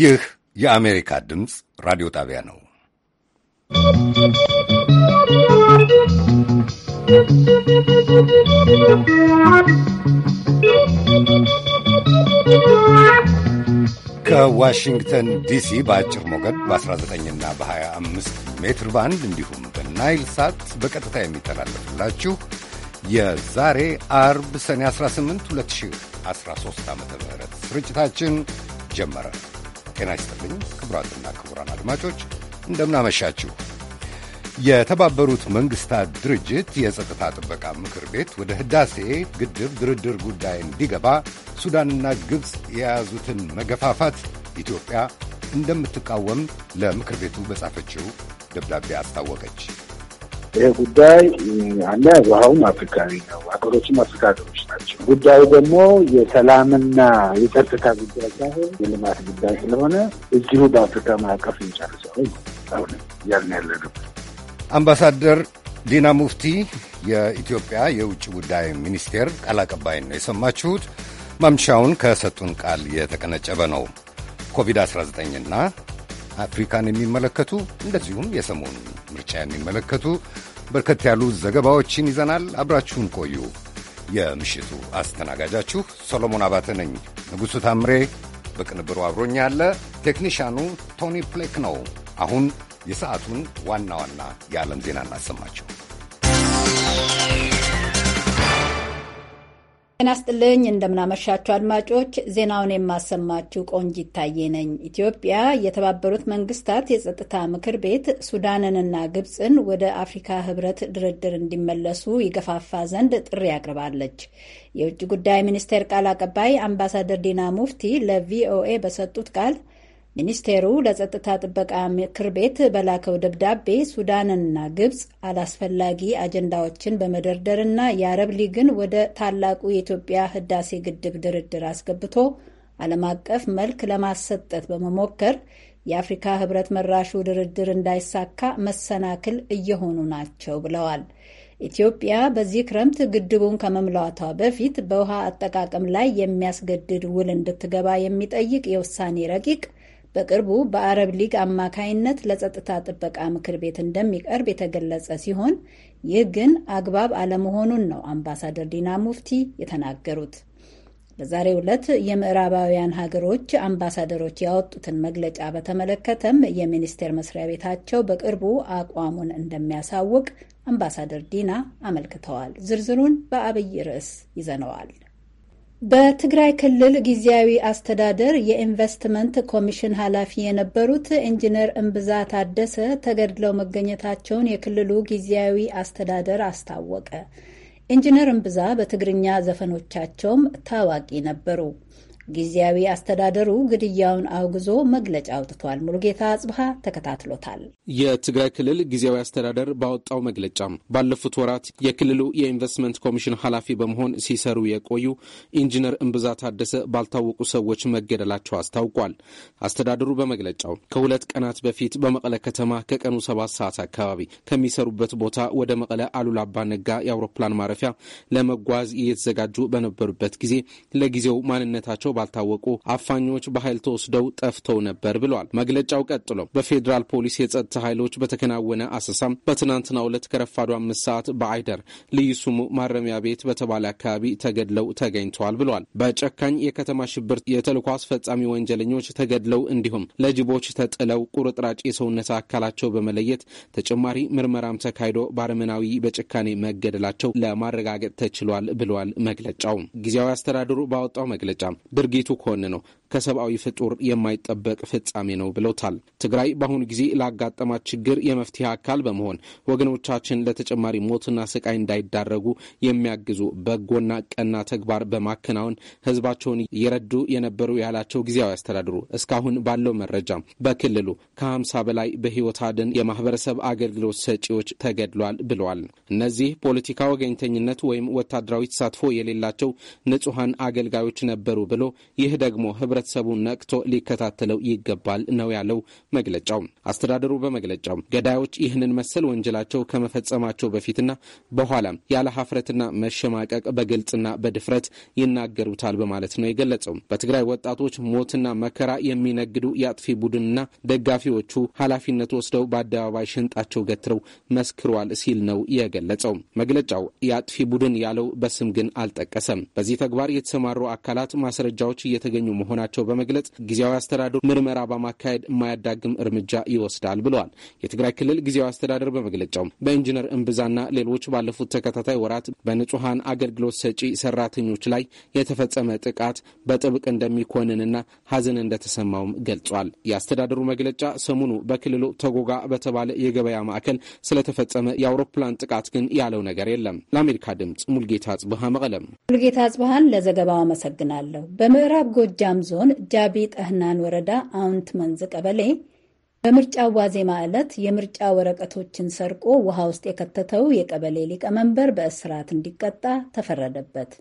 ይህ የአሜሪካ ድምፅ ራዲዮ ጣቢያ ነው። ከዋሽንግተን ዲሲ በአጭር ሞገድ በ19ና በ25 ሜትር ባንድ እንዲሁም በናይል ሳት በቀጥታ የሚተላለፍላችሁ የዛሬ አርብ ሰኔ 18 2013 ዓ ም ስርጭታችን ጀመረ። ጤና ይስጥልኝ ክቡራትና ክቡራን አድማጮች እንደምናመሻችሁ። የተባበሩት መንግሥታት ድርጅት የጸጥታ ጥበቃ ምክር ቤት ወደ ህዳሴ ግድብ ድርድር ጉዳይ እንዲገባ ሱዳንና ግብፅ የያዙትን መገፋፋት ኢትዮጵያ እንደምትቃወም ለምክር ቤቱ በጻፈችው ደብዳቤ አስታወቀች። ይህ ጉዳይ አለ ውሃውም አፍሪካዊ ነው፣ ሀገሮችም አፍሪካ ሀገሮች ናቸው። ጉዳዩ ደግሞ የሰላምና የጸጥታ ጉዳይ ሳይሆን የልማት ጉዳይ ስለሆነ እዚሁ በአፍሪካ ማዕቀፍ እንጨርሰው አሁን እያልን ያለ ነው። አምባሳደር ዲና ሙፍቲ የኢትዮጵያ የውጭ ጉዳይ ሚኒስቴር ቃል አቀባይን ነው የሰማችሁት። ማምሻውን ከሰጡን ቃል የተቀነጨበ ነው። ኮቪድ-19ና አፍሪካን የሚመለከቱ እንደዚሁም የሰሞኑን ምርጫ የሚመለከቱ በርከት ያሉ ዘገባዎችን ይዘናል። አብራችሁን ቆዩ። የምሽቱ አስተናጋጃችሁ ሰሎሞን አባተ ነኝ። ንጉሡ ታምሬ በቅንብሩ አብሮኛ ያለ ቴክኒሻኑ ቶኒ ፕሌክ ነው። አሁን የሰዓቱን ዋና ዋና የዓለም ዜና እናሰማቸው። ጤና ስጥልኝ እንደምናመሻችሁ አድማጮች፣ ዜናውን የማሰማችሁ ቆንጅ ይታየ ነኝ። ኢትዮጵያ የተባበሩት መንግስታት የጸጥታ ምክር ቤት ሱዳንንና ግብፅን ወደ አፍሪካ ህብረት ድርድር እንዲመለሱ ይገፋፋ ዘንድ ጥሪ አቅርባለች። የውጭ ጉዳይ ሚኒስቴር ቃል አቀባይ አምባሳደር ዲና ሙፍቲ ለቪኦኤ በሰጡት ቃል ሚኒስቴሩ ለጸጥታ ጥበቃ ምክር ቤት በላከው ደብዳቤ ሱዳንና ግብፅ አላስፈላጊ አጀንዳዎችን በመደርደርና የአረብ ሊግን ወደ ታላቁ የኢትዮጵያ ህዳሴ ግድብ ድርድር አስገብቶ ዓለም አቀፍ መልክ ለማሰጠት በመሞከር የአፍሪካ ህብረት መራሹ ድርድር እንዳይሳካ መሰናክል እየሆኑ ናቸው ብለዋል። ኢትዮጵያ በዚህ ክረምት ግድቡን ከመምላቷ በፊት በውሃ አጠቃቀም ላይ የሚያስገድድ ውል እንድትገባ የሚጠይቅ የውሳኔ ረቂቅ በቅርቡ በአረብ ሊግ አማካይነት ለጸጥታ ጥበቃ ምክር ቤት እንደሚቀርብ የተገለጸ ሲሆን ይህ ግን አግባብ አለመሆኑን ነው አምባሳደር ዲና ሙፍቲ የተናገሩት። በዛሬው ዕለት የምዕራባውያን ሀገሮች አምባሳደሮች ያወጡትን መግለጫ በተመለከተም የሚኒስቴር መስሪያ ቤታቸው በቅርቡ አቋሙን እንደሚያሳውቅ አምባሳደር ዲና አመልክተዋል። ዝርዝሩን በአብይ ርዕስ ይዘነዋል። በትግራይ ክልል ጊዜያዊ አስተዳደር የኢንቨስትመንት ኮሚሽን ኃላፊ የነበሩት ኢንጂነር እምብዛ ታደሰ ተገድለው መገኘታቸውን የክልሉ ጊዜያዊ አስተዳደር አስታወቀ። ኢንጂነር እምብዛ በትግርኛ ዘፈኖቻቸውም ታዋቂ ነበሩ። ጊዜያዊ አስተዳደሩ ግድያውን አውግዞ መግለጫ አውጥቷል። ሙሉጌታ አጽብሃ ተከታትሎታል። የትግራይ ክልል ጊዜያዊ አስተዳደር ባወጣው መግለጫ ባለፉት ወራት የክልሉ የኢንቨስትመንት ኮሚሽን ኃላፊ በመሆን ሲሰሩ የቆዩ ኢንጂነር እምብዛ ታደሰ ባልታወቁ ሰዎች መገደላቸው አስታውቋል። አስተዳደሩ በመግለጫው ከሁለት ቀናት በፊት በመቀለ ከተማ ከቀኑ ሰባት ሰዓት አካባቢ ከሚሰሩበት ቦታ ወደ መቀለ አሉላ አባ ነጋ የአውሮፕላን ማረፊያ ለመጓዝ እየተዘጋጁ በነበሩበት ጊዜ ለጊዜው ማንነታቸው ባልታወቁ አፋኞች በኃይል ተወስደው ጠፍተው ነበር ብለዋል። መግለጫው ቀጥሎ በፌዴራል ፖሊስ የጸጥታ ኃይሎች በተከናወነ አሰሳም በትናንትናው ዕለት ከረፋዱ አምስት ሰዓት በአይደር ልዩ ስሙ ማረሚያ ቤት በተባለ አካባቢ ተገድለው ተገኝተዋል ብለዋል። በጨካኝ የከተማ ሽብር የተልዕኮ አስፈጻሚ ወንጀለኞች ተገድለው እንዲሁም ለጅቦች ተጥለው ቁርጥራጭ የሰውነት አካላቸው በመለየት ተጨማሪ ምርመራም ተካሂዶ ባረመናዊ በጭካኔ መገደላቸው ለማረጋገጥ ተችሏል ብለዋል። መግለጫው ጊዜያዊ አስተዳደሩ ባወጣው መግለጫ ድርጊቱ ኮን ነው ከሰብአዊ ፍጡር የማይጠበቅ ፍጻሜ ነው ብለውታል። ትግራይ በአሁኑ ጊዜ ላጋጠማት ችግር የመፍትሄ አካል በመሆን ወገኖቻችን ለተጨማሪ ሞትና ስቃይ እንዳይዳረጉ የሚያግዙ በጎና ቀና ተግባር በማከናወን ህዝባቸውን እየረዱ የነበሩ ያላቸው ጊዜያዊ አስተዳድሩ እስካሁን ባለው መረጃ በክልሉ ከ50 በላይ በህይወት አድን የማህበረሰብ አገልግሎት ሰጪዎች ተገድሏል ብለዋል። እነዚህ ፖለቲካ ወገኝተኝነት ወይም ወታደራዊ ተሳትፎ የሌላቸው ንጹሐን አገልጋዮች ነበሩ ብሎ ይህ ደግሞ ህብረ ህብረተሰቡ ነቅቶ ሊከታተለው ይገባል ነው ያለው መግለጫው። አስተዳደሩ በመግለጫው ገዳዮች ይህንን መሰል ወንጀላቸው ከመፈጸማቸው በፊትና በኋላም ያለ ሀፍረትና መሸማቀቅ በግልጽና በድፍረት ይናገሩታል በማለት ነው የገለጸው። በትግራይ ወጣቶች ሞትና መከራ የሚነግዱ የአጥፊ ቡድንና ደጋፊዎቹ ኃላፊነት ወስደው በአደባባይ ሽንጣቸው ገትረው መስክሯል ሲል ነው የገለጸው። መግለጫው የአጥፊ ቡድን ያለው በስም ግን አልጠቀሰም። በዚህ ተግባር የተሰማሩ አካላት ማስረጃዎች እየተገኙ መሆናቸው መሆናቸው በመግለጽ ጊዜያዊ አስተዳደሩ ምርመራ በማካሄድ የማያዳግም እርምጃ ይወስዳል ብለዋል። የትግራይ ክልል ጊዜያዊ አስተዳደር በመግለጫው በኢንጂነር እምብዛና ሌሎች ባለፉት ተከታታይ ወራት በንጹሐን አገልግሎት ሰጪ ሰራተኞች ላይ የተፈጸመ ጥቃት በጥብቅ እንደሚኮንንና ሀዘን እንደተሰማውም ገልጿል። የአስተዳደሩ መግለጫ ሰሞኑ በክልሉ ተጎጋ በተባለ የገበያ ማዕከል ስለተፈጸመ የአውሮፕላን ጥቃት ግን ያለው ነገር የለም። ለአሜሪካ ድምጽ ሙልጌታ አጽብሃ መቀለም። ሙልጌታ አጽብሃን ለዘገባው አመሰግናለሁ። በምዕራብ ጎጃም ዞን ጃቢ ጠህናን ወረዳ አውንት መንዝ ቀበሌ በምርጫ ዋዜማ ዕለት የምርጫ ወረቀቶችን ሰርቆ ውሃ ውስጥ የከተተው የቀበሌ ሊቀመንበር በእስራት እንዲቀጣ ተፈረደበት።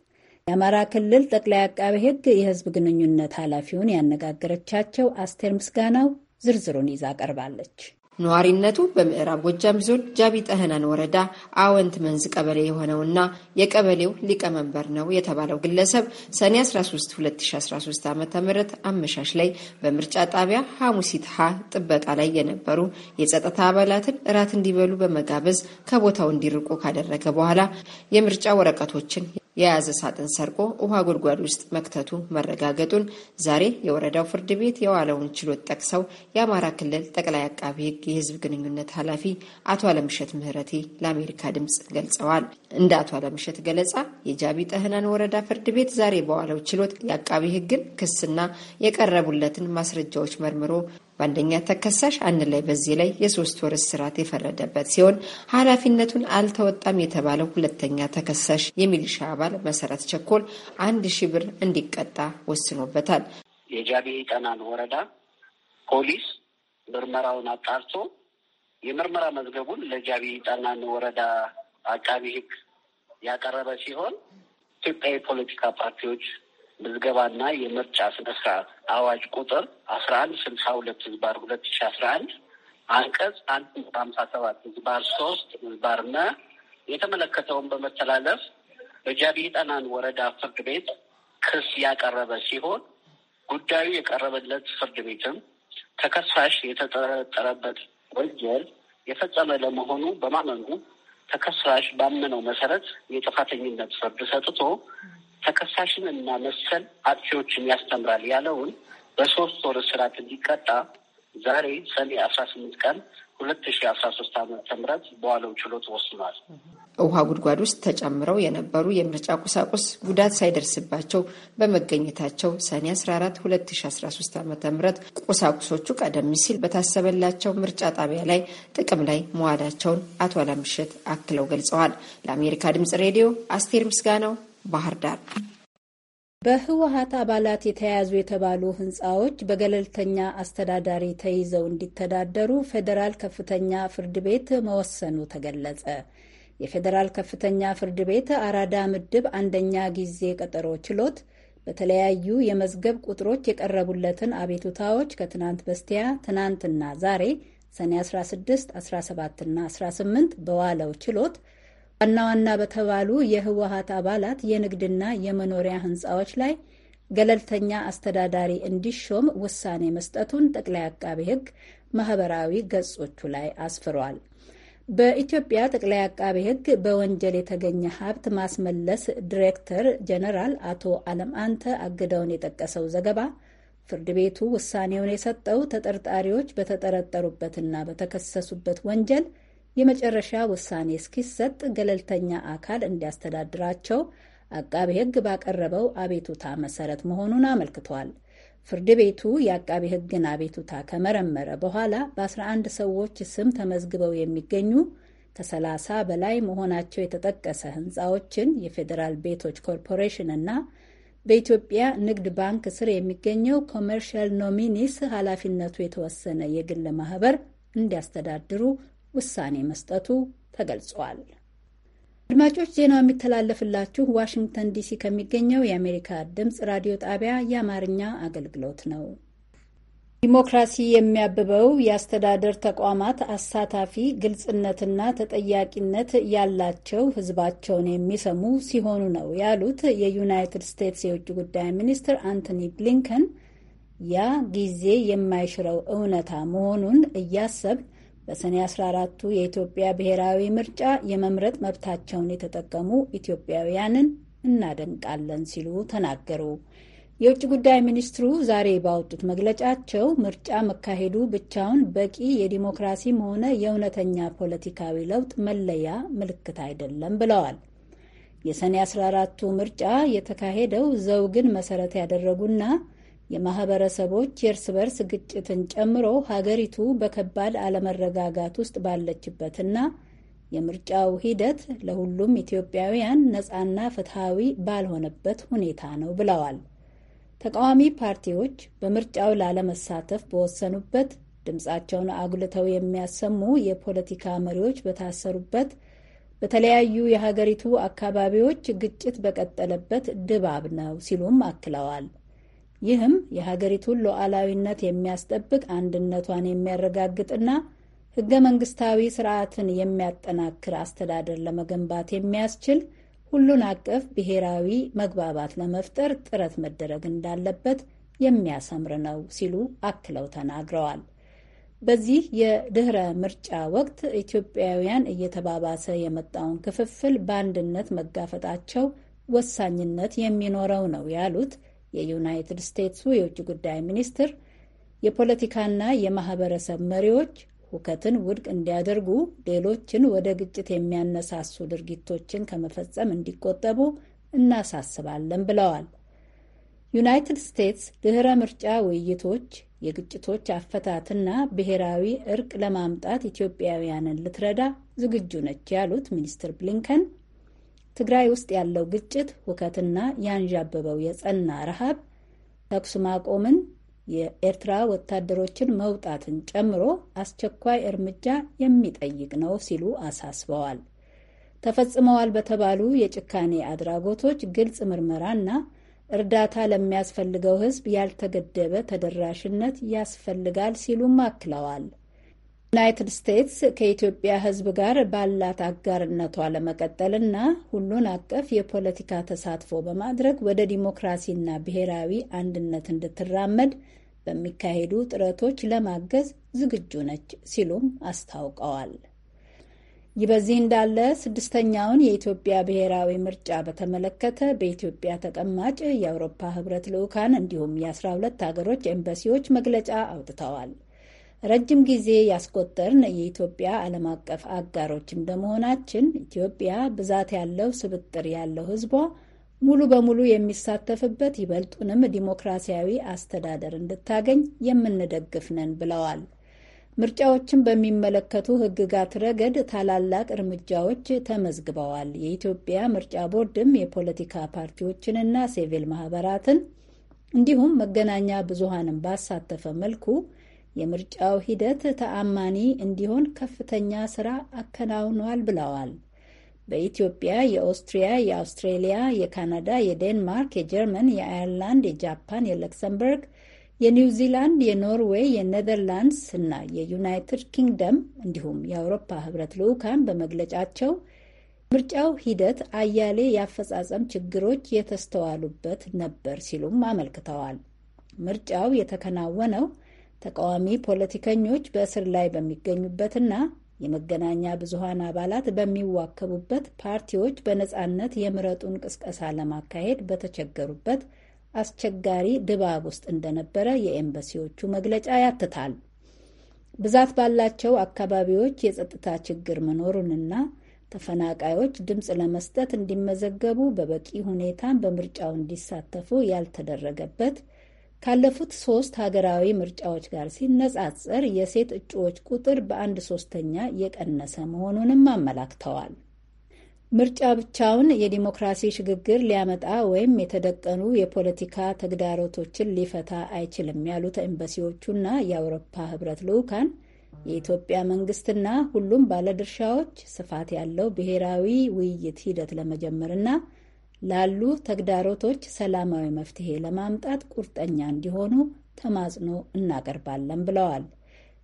የአማራ ክልል ጠቅላይ አቃቤ ሕግ የሕዝብ ግንኙነት ኃላፊውን ያነጋገረቻቸው አስቴር ምስጋናው ዝርዝሩን ይዛ ቀርባለች። ነዋሪነቱ በምዕራብ ጎጃም ዞን ጃቢ ጠህናን ወረዳ አወንት መንዝ ቀበሌ የሆነውና የቀበሌው ሊቀመንበር ነው የተባለው ግለሰብ ሰኔ 13 2013 ዓ ም አመሻሽ ላይ በምርጫ ጣቢያ ሀ ጥበቃ ላይ የነበሩ የጸጥታ አባላትን እራት እንዲበሉ በመጋበዝ ከቦታው እንዲርቁ ካደረገ በኋላ የምርጫ ወረቀቶችን የያዘ ሳጥን ሰርቆ ውሃ ጉድጓድ ውስጥ መክተቱ መረጋገጡን ዛሬ የወረዳው ፍርድ ቤት የዋለውን ችሎት ጠቅሰው የአማራ ክልል ጠቅላይ አቃቢ ሕግ የህዝብ ግንኙነት ኃላፊ አቶ አለምሸት ምህረቴ ለአሜሪካ ድምፅ ገልጸዋል። እንደ አቶ አለምሸት ገለጻ የጃቢ ጠህናን ወረዳ ፍርድ ቤት ዛሬ በዋለው ችሎት የአቃቢ ሕግን ክስና የቀረቡለትን ማስረጃዎች መርምሮ በአንደኛ ተከሳሽ አንድ ላይ በዚህ ላይ የሶስት ወር እስራት የፈረደበት ሲሆን ኃላፊነቱን አልተወጣም የተባለው ሁለተኛ ተከሳሽ የሚሊሻ አባል መሰረት ቸኮል አንድ ሺ ብር እንዲቀጣ ወስኖበታል። የጃቢ ጠናን ወረዳ ፖሊስ ምርመራውን አጣርቶ የምርመራ መዝገቡን ለጃቢ ጠናን ወረዳ አቃቢ ሕግ ያቀረበ ሲሆን ኢትዮጵያ የፖለቲካ ፓርቲዎች ምዝገባና የምርጫ ስነስርዓት አዋጅ ቁጥር አስራ አንድ ስልሳ ሁለት ህዝባር ሁለት ሺ አስራ አንድ አንቀጽ አንድ ሀምሳ ሰባት ህዝባር ሶስት ህዝባርና የተመለከተውን በመተላለፍ በጃቢ ጠናን ወረዳ ፍርድ ቤት ክስ ያቀረበ ሲሆን ጉዳዩ የቀረበለት ፍርድ ቤትም ተከሳሽ የተጠረጠረበት ወንጀል የፈጸመ ለመሆኑ በማመኑ ተከሳሽ ባመነው መሰረት የጥፋተኝነት ፍርድ ሰጥቶ ተከሳሽን ና መሰል አጥፊዎችን ያስተምራል ያለውን በሶስት ወር እስራት እንዲቀጣ ዛሬ ሰኔ አስራ ስምንት ቀን ሁለት ሺ አስራ ሶስት ዓመተ ምህረት በዋለው ችሎት ወስኗል። ውሃ ጉድጓድ ውስጥ ተጨምረው የነበሩ የምርጫ ቁሳቁስ ጉዳት ሳይደርስባቸው በመገኘታቸው ሰኔ 14 2013 ዓ ም ቁሳቁሶቹ ቀደም ሲል በታሰበላቸው ምርጫ ጣቢያ ላይ ጥቅም ላይ መዋላቸውን አቶ አላምሸት አክለው ገልጸዋል። ለአሜሪካ ድምጽ ሬዲዮ አስቴር ምስጋናው ባህር ዳር በህወሀት አባላት የተያዙ የተባሉ ህንፃዎች በገለልተኛ አስተዳዳሪ ተይዘው እንዲተዳደሩ ፌዴራል ከፍተኛ ፍርድ ቤት መወሰኑ ተገለጸ። የፌዴራል ከፍተኛ ፍርድ ቤት አራዳ ምድብ አንደኛ ጊዜ ቀጠሮ ችሎት በተለያዩ የመዝገብ ቁጥሮች የቀረቡለትን አቤቱታዎች ከትናንት በስቲያ ትናንትና ዛሬ ሰኔ 16፣ 17ና 18 በዋለው ችሎት ዋና ዋና በተባሉ የህወሀት አባላት የንግድና የመኖሪያ ህንፃዎች ላይ ገለልተኛ አስተዳዳሪ እንዲሾም ውሳኔ መስጠቱን ጠቅላይ አቃቤ ሕግ ማህበራዊ ገጾቹ ላይ አስፍሯል። በኢትዮጵያ ጠቅላይ አቃቤ ሕግ በወንጀል የተገኘ ሀብት ማስመለስ ዲሬክተር ጀነራል አቶ አለም አንተ አግደውን የጠቀሰው ዘገባ ፍርድ ቤቱ ውሳኔውን የሰጠው ተጠርጣሪዎች በተጠረጠሩበትና በተከሰሱበት ወንጀል የመጨረሻ ውሳኔ እስኪሰጥ ገለልተኛ አካል እንዲያስተዳድራቸው አቃቤ ሕግ ባቀረበው አቤቱታ መሰረት መሆኑን አመልክቷል። ፍርድ ቤቱ የአቃቤ ሕግን አቤቱታ ከመረመረ በኋላ በ11 ሰዎች ስም ተመዝግበው የሚገኙ ከ30 በላይ መሆናቸው የተጠቀሰ ህንፃዎችን የፌዴራል ቤቶች ኮርፖሬሽን እና በኢትዮጵያ ንግድ ባንክ ስር የሚገኘው ኮመርሻል ኖሚኒስ ኃላፊነቱ የተወሰነ የግል ማህበር እንዲያስተዳድሩ ውሳኔ መስጠቱ ተገልጿል። አድማጮች ዜናው የሚተላለፍላችሁ ዋሽንግተን ዲሲ ከሚገኘው የአሜሪካ ድምፅ ራዲዮ ጣቢያ የአማርኛ አገልግሎት ነው። ዲሞክራሲ የሚያብበው የአስተዳደር ተቋማት አሳታፊ ግልጽነትና ተጠያቂነት ያላቸው ሕዝባቸውን የሚሰሙ ሲሆኑ ነው ያሉት የዩናይትድ ስቴትስ የውጭ ጉዳይ ሚኒስትር አንቶኒ ብሊንከን ያ ጊዜ የማይሽረው እውነታ መሆኑን እያሰብ። በሰኔ 14ቱ የኢትዮጵያ ብሔራዊ ምርጫ የመምረጥ መብታቸውን የተጠቀሙ ኢትዮጵያውያንን እናደንቃለን ሲሉ ተናገሩ። የውጭ ጉዳይ ሚኒስትሩ ዛሬ ባወጡት መግለጫቸው ምርጫ መካሄዱ ብቻውን በቂ የዲሞክራሲም ሆነ የእውነተኛ ፖለቲካዊ ለውጥ መለያ ምልክት አይደለም ብለዋል። የሰኔ 14ቱ ምርጫ የተካሄደው ዘውግን መሰረት ያደረጉና የማህበረሰቦች የእርስ በርስ ግጭትን ጨምሮ ሀገሪቱ በከባድ አለመረጋጋት ውስጥ ባለችበትና የምርጫው ሂደት ለሁሉም ኢትዮጵያውያን ነፃና ፍትሐዊ ባልሆነበት ሁኔታ ነው ብለዋል። ተቃዋሚ ፓርቲዎች በምርጫው ላለመሳተፍ በወሰኑበት ድምፃቸውን አጉልተው የሚያሰሙ የፖለቲካ መሪዎች በታሰሩበት በተለያዩ የሀገሪቱ አካባቢዎች ግጭት በቀጠለበት ድባብ ነው ሲሉም አክለዋል። ይህም የሀገሪቱን ሉዓላዊነት የሚያስጠብቅ አንድነቷን የሚያረጋግጥና ህገ መንግስታዊ ስርዓትን የሚያጠናክር አስተዳደር ለመገንባት የሚያስችል ሁሉን አቀፍ ብሔራዊ መግባባት ለመፍጠር ጥረት መደረግ እንዳለበት የሚያሰምር ነው ሲሉ አክለው ተናግረዋል። በዚህ የድህረ ምርጫ ወቅት ኢትዮጵያውያን እየተባባሰ የመጣውን ክፍፍል በአንድነት መጋፈጣቸው ወሳኝነት የሚኖረው ነው ያሉት የዩናይትድ ስቴትሱ የውጭ ጉዳይ ሚኒስትር የፖለቲካና የማህበረሰብ መሪዎች ሁከትን ውድቅ እንዲያደርጉ፣ ሌሎችን ወደ ግጭት የሚያነሳሱ ድርጊቶችን ከመፈጸም እንዲቆጠቡ እናሳስባለን ብለዋል። ዩናይትድ ስቴትስ ድኅረ ምርጫ ውይይቶች፣ የግጭቶች አፈታትና ብሔራዊ እርቅ ለማምጣት ኢትዮጵያውያንን ልትረዳ ዝግጁ ነች ያሉት ሚኒስትር ብሊንከን ትግራይ ውስጥ ያለው ግጭት፣ ሁከትና ያንዣበበው የጸና ረሃብ ተኩስ ማቆምን፣ የኤርትራ ወታደሮችን መውጣትን ጨምሮ አስቸኳይ እርምጃ የሚጠይቅ ነው ሲሉ አሳስበዋል። ተፈጽመዋል በተባሉ የጭካኔ አድራጎቶች ግልጽ ምርመራና እርዳታ ለሚያስፈልገው ሕዝብ ያልተገደበ ተደራሽነት ያስፈልጋል ሲሉም አክለዋል። ዩናይትድ ስቴትስ ከኢትዮጵያ ሕዝብ ጋር ባላት አጋርነቷ ለመቀጠልና ሁሉን አቀፍ የፖለቲካ ተሳትፎ በማድረግ ወደ ዲሞክራሲና ብሔራዊ አንድነት እንድትራመድ በሚካሄዱ ጥረቶች ለማገዝ ዝግጁ ነች ሲሉም አስታውቀዋል። ይህ በዚህ እንዳለ ስድስተኛውን የኢትዮጵያ ብሔራዊ ምርጫ በተመለከተ በኢትዮጵያ ተቀማጭ የአውሮፓ ህብረት ልዑካን እንዲሁም የ12 ሀገሮች ኤምባሲዎች መግለጫ አውጥተዋል። ረጅም ጊዜ ያስቆጠርን የኢትዮጵያ ዓለም አቀፍ አጋሮች እንደመሆናችን ኢትዮጵያ ብዛት ያለው ስብጥር ያለው ሕዝቧ ሙሉ በሙሉ የሚሳተፍበት ይበልጡንም ዲሞክራሲያዊ አስተዳደር እንድታገኝ የምንደግፍ ነን ብለዋል። ምርጫዎችን በሚመለከቱ ሕግጋት ረገድ ታላላቅ እርምጃዎች ተመዝግበዋል። የኢትዮጵያ ምርጫ ቦርድም የፖለቲካ ፓርቲዎችንና ሲቪል ማህበራትን እንዲሁም መገናኛ ብዙሃንን ባሳተፈ መልኩ የምርጫው ሂደት ተአማኒ እንዲሆን ከፍተኛ ስራ አከናውኗል ብለዋል። በኢትዮጵያ የኦስትሪያ፣ የአውስትሬሊያ፣ የካናዳ፣ የዴንማርክ፣ የጀርመን፣ የአየርላንድ፣ የጃፓን፣ የለክሰምበርግ፣ የኒውዚላንድ፣ የኖርዌይ፣ የኔዘርላንድስ እና የዩናይትድ ኪንግደም እንዲሁም የአውሮፓ ህብረት ልዑካን በመግለጫቸው ምርጫው ሂደት አያሌ የአፈጻጸም ችግሮች የተስተዋሉበት ነበር ሲሉም አመልክተዋል። ምርጫው የተከናወነው ተቃዋሚ ፖለቲከኞች በእስር ላይ በሚገኙበትና የመገናኛ ብዙሃን አባላት በሚዋከቡበት፣ ፓርቲዎች በነጻነት የምረጡን ቅስቀሳ ለማካሄድ በተቸገሩበት አስቸጋሪ ድባብ ውስጥ እንደነበረ የኤምባሲዎቹ መግለጫ ያትታል። ብዛት ባላቸው አካባቢዎች የጸጥታ ችግር መኖሩንና ተፈናቃዮች ድምፅ ለመስጠት እንዲመዘገቡ በበቂ ሁኔታ በምርጫው እንዲሳተፉ ያልተደረገበት ካለፉት ሶስት ሀገራዊ ምርጫዎች ጋር ሲነጻጸር የሴት እጩዎች ቁጥር በአንድ ሶስተኛ የቀነሰ መሆኑንም አመላክተዋል። ምርጫ ብቻውን የዲሞክራሲ ሽግግር ሊያመጣ ወይም የተደቀኑ የፖለቲካ ተግዳሮቶችን ሊፈታ አይችልም ያሉት ኤምባሲዎቹና የአውሮፓ ሕብረት ልዑካን የኢትዮጵያ መንግስትና ሁሉም ባለድርሻዎች ስፋት ያለው ብሔራዊ ውይይት ሂደት ለመጀመርና ላሉ ተግዳሮቶች ሰላማዊ መፍትሄ ለማምጣት ቁርጠኛ እንዲሆኑ ተማጽኖ እናቀርባለን ብለዋል።